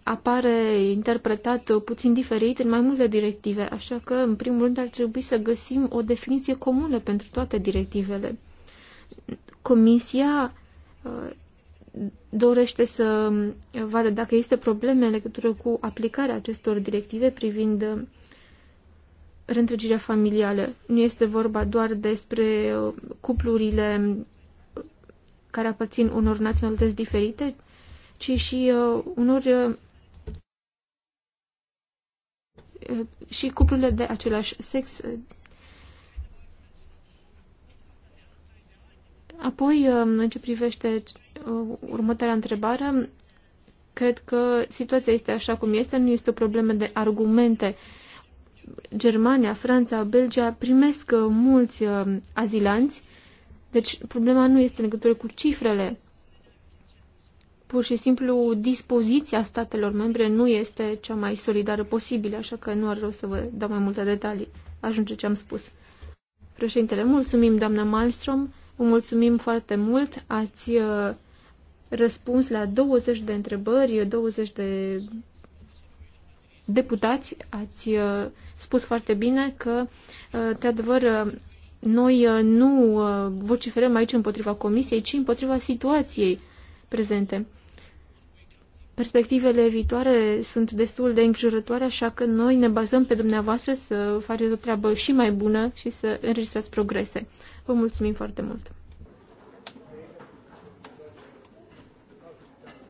apare interpretat puțin diferit în mai multe directive, așa că, în primul rând, ar trebui să găsim o definiție comună pentru toate directivele. Comisia uh, dorește să uh, vadă dacă este probleme în legătură cu aplicarea acestor directive privind uh, reîntregirea familială. Nu este vorba doar despre uh, cuplurile uh, care aparțin unor naționalități diferite, ci și uh, unor uh, uh, și cuplurile de același sex. Apoi, uh, în ce privește uh, următoarea întrebare, cred că situația este așa cum este, nu este o problemă de argumente. Uh, Germania, Franța, Belgia primesc uh, mulți uh, azilanți, deci problema nu este în legătură cu cifrele. Pur și simplu dispoziția statelor membre nu este cea mai solidară posibilă, așa că nu ar rău să vă dau mai multe detalii. Ajunge ce am spus. Președintele, mulțumim, doamna Malmström, vă mulțumim foarte mult. Ați uh, răspuns la 20 de întrebări, 20 de deputați, ați uh, spus foarte bine că, de uh, adevăr, uh, noi nu vociferăm aici împotriva Comisiei, ci împotriva situației prezente. Perspectivele viitoare sunt destul de îngrijorătoare, așa că noi ne bazăm pe dumneavoastră să faceți o treabă și mai bună și să înregistrați progrese. Vă mulțumim foarte mult!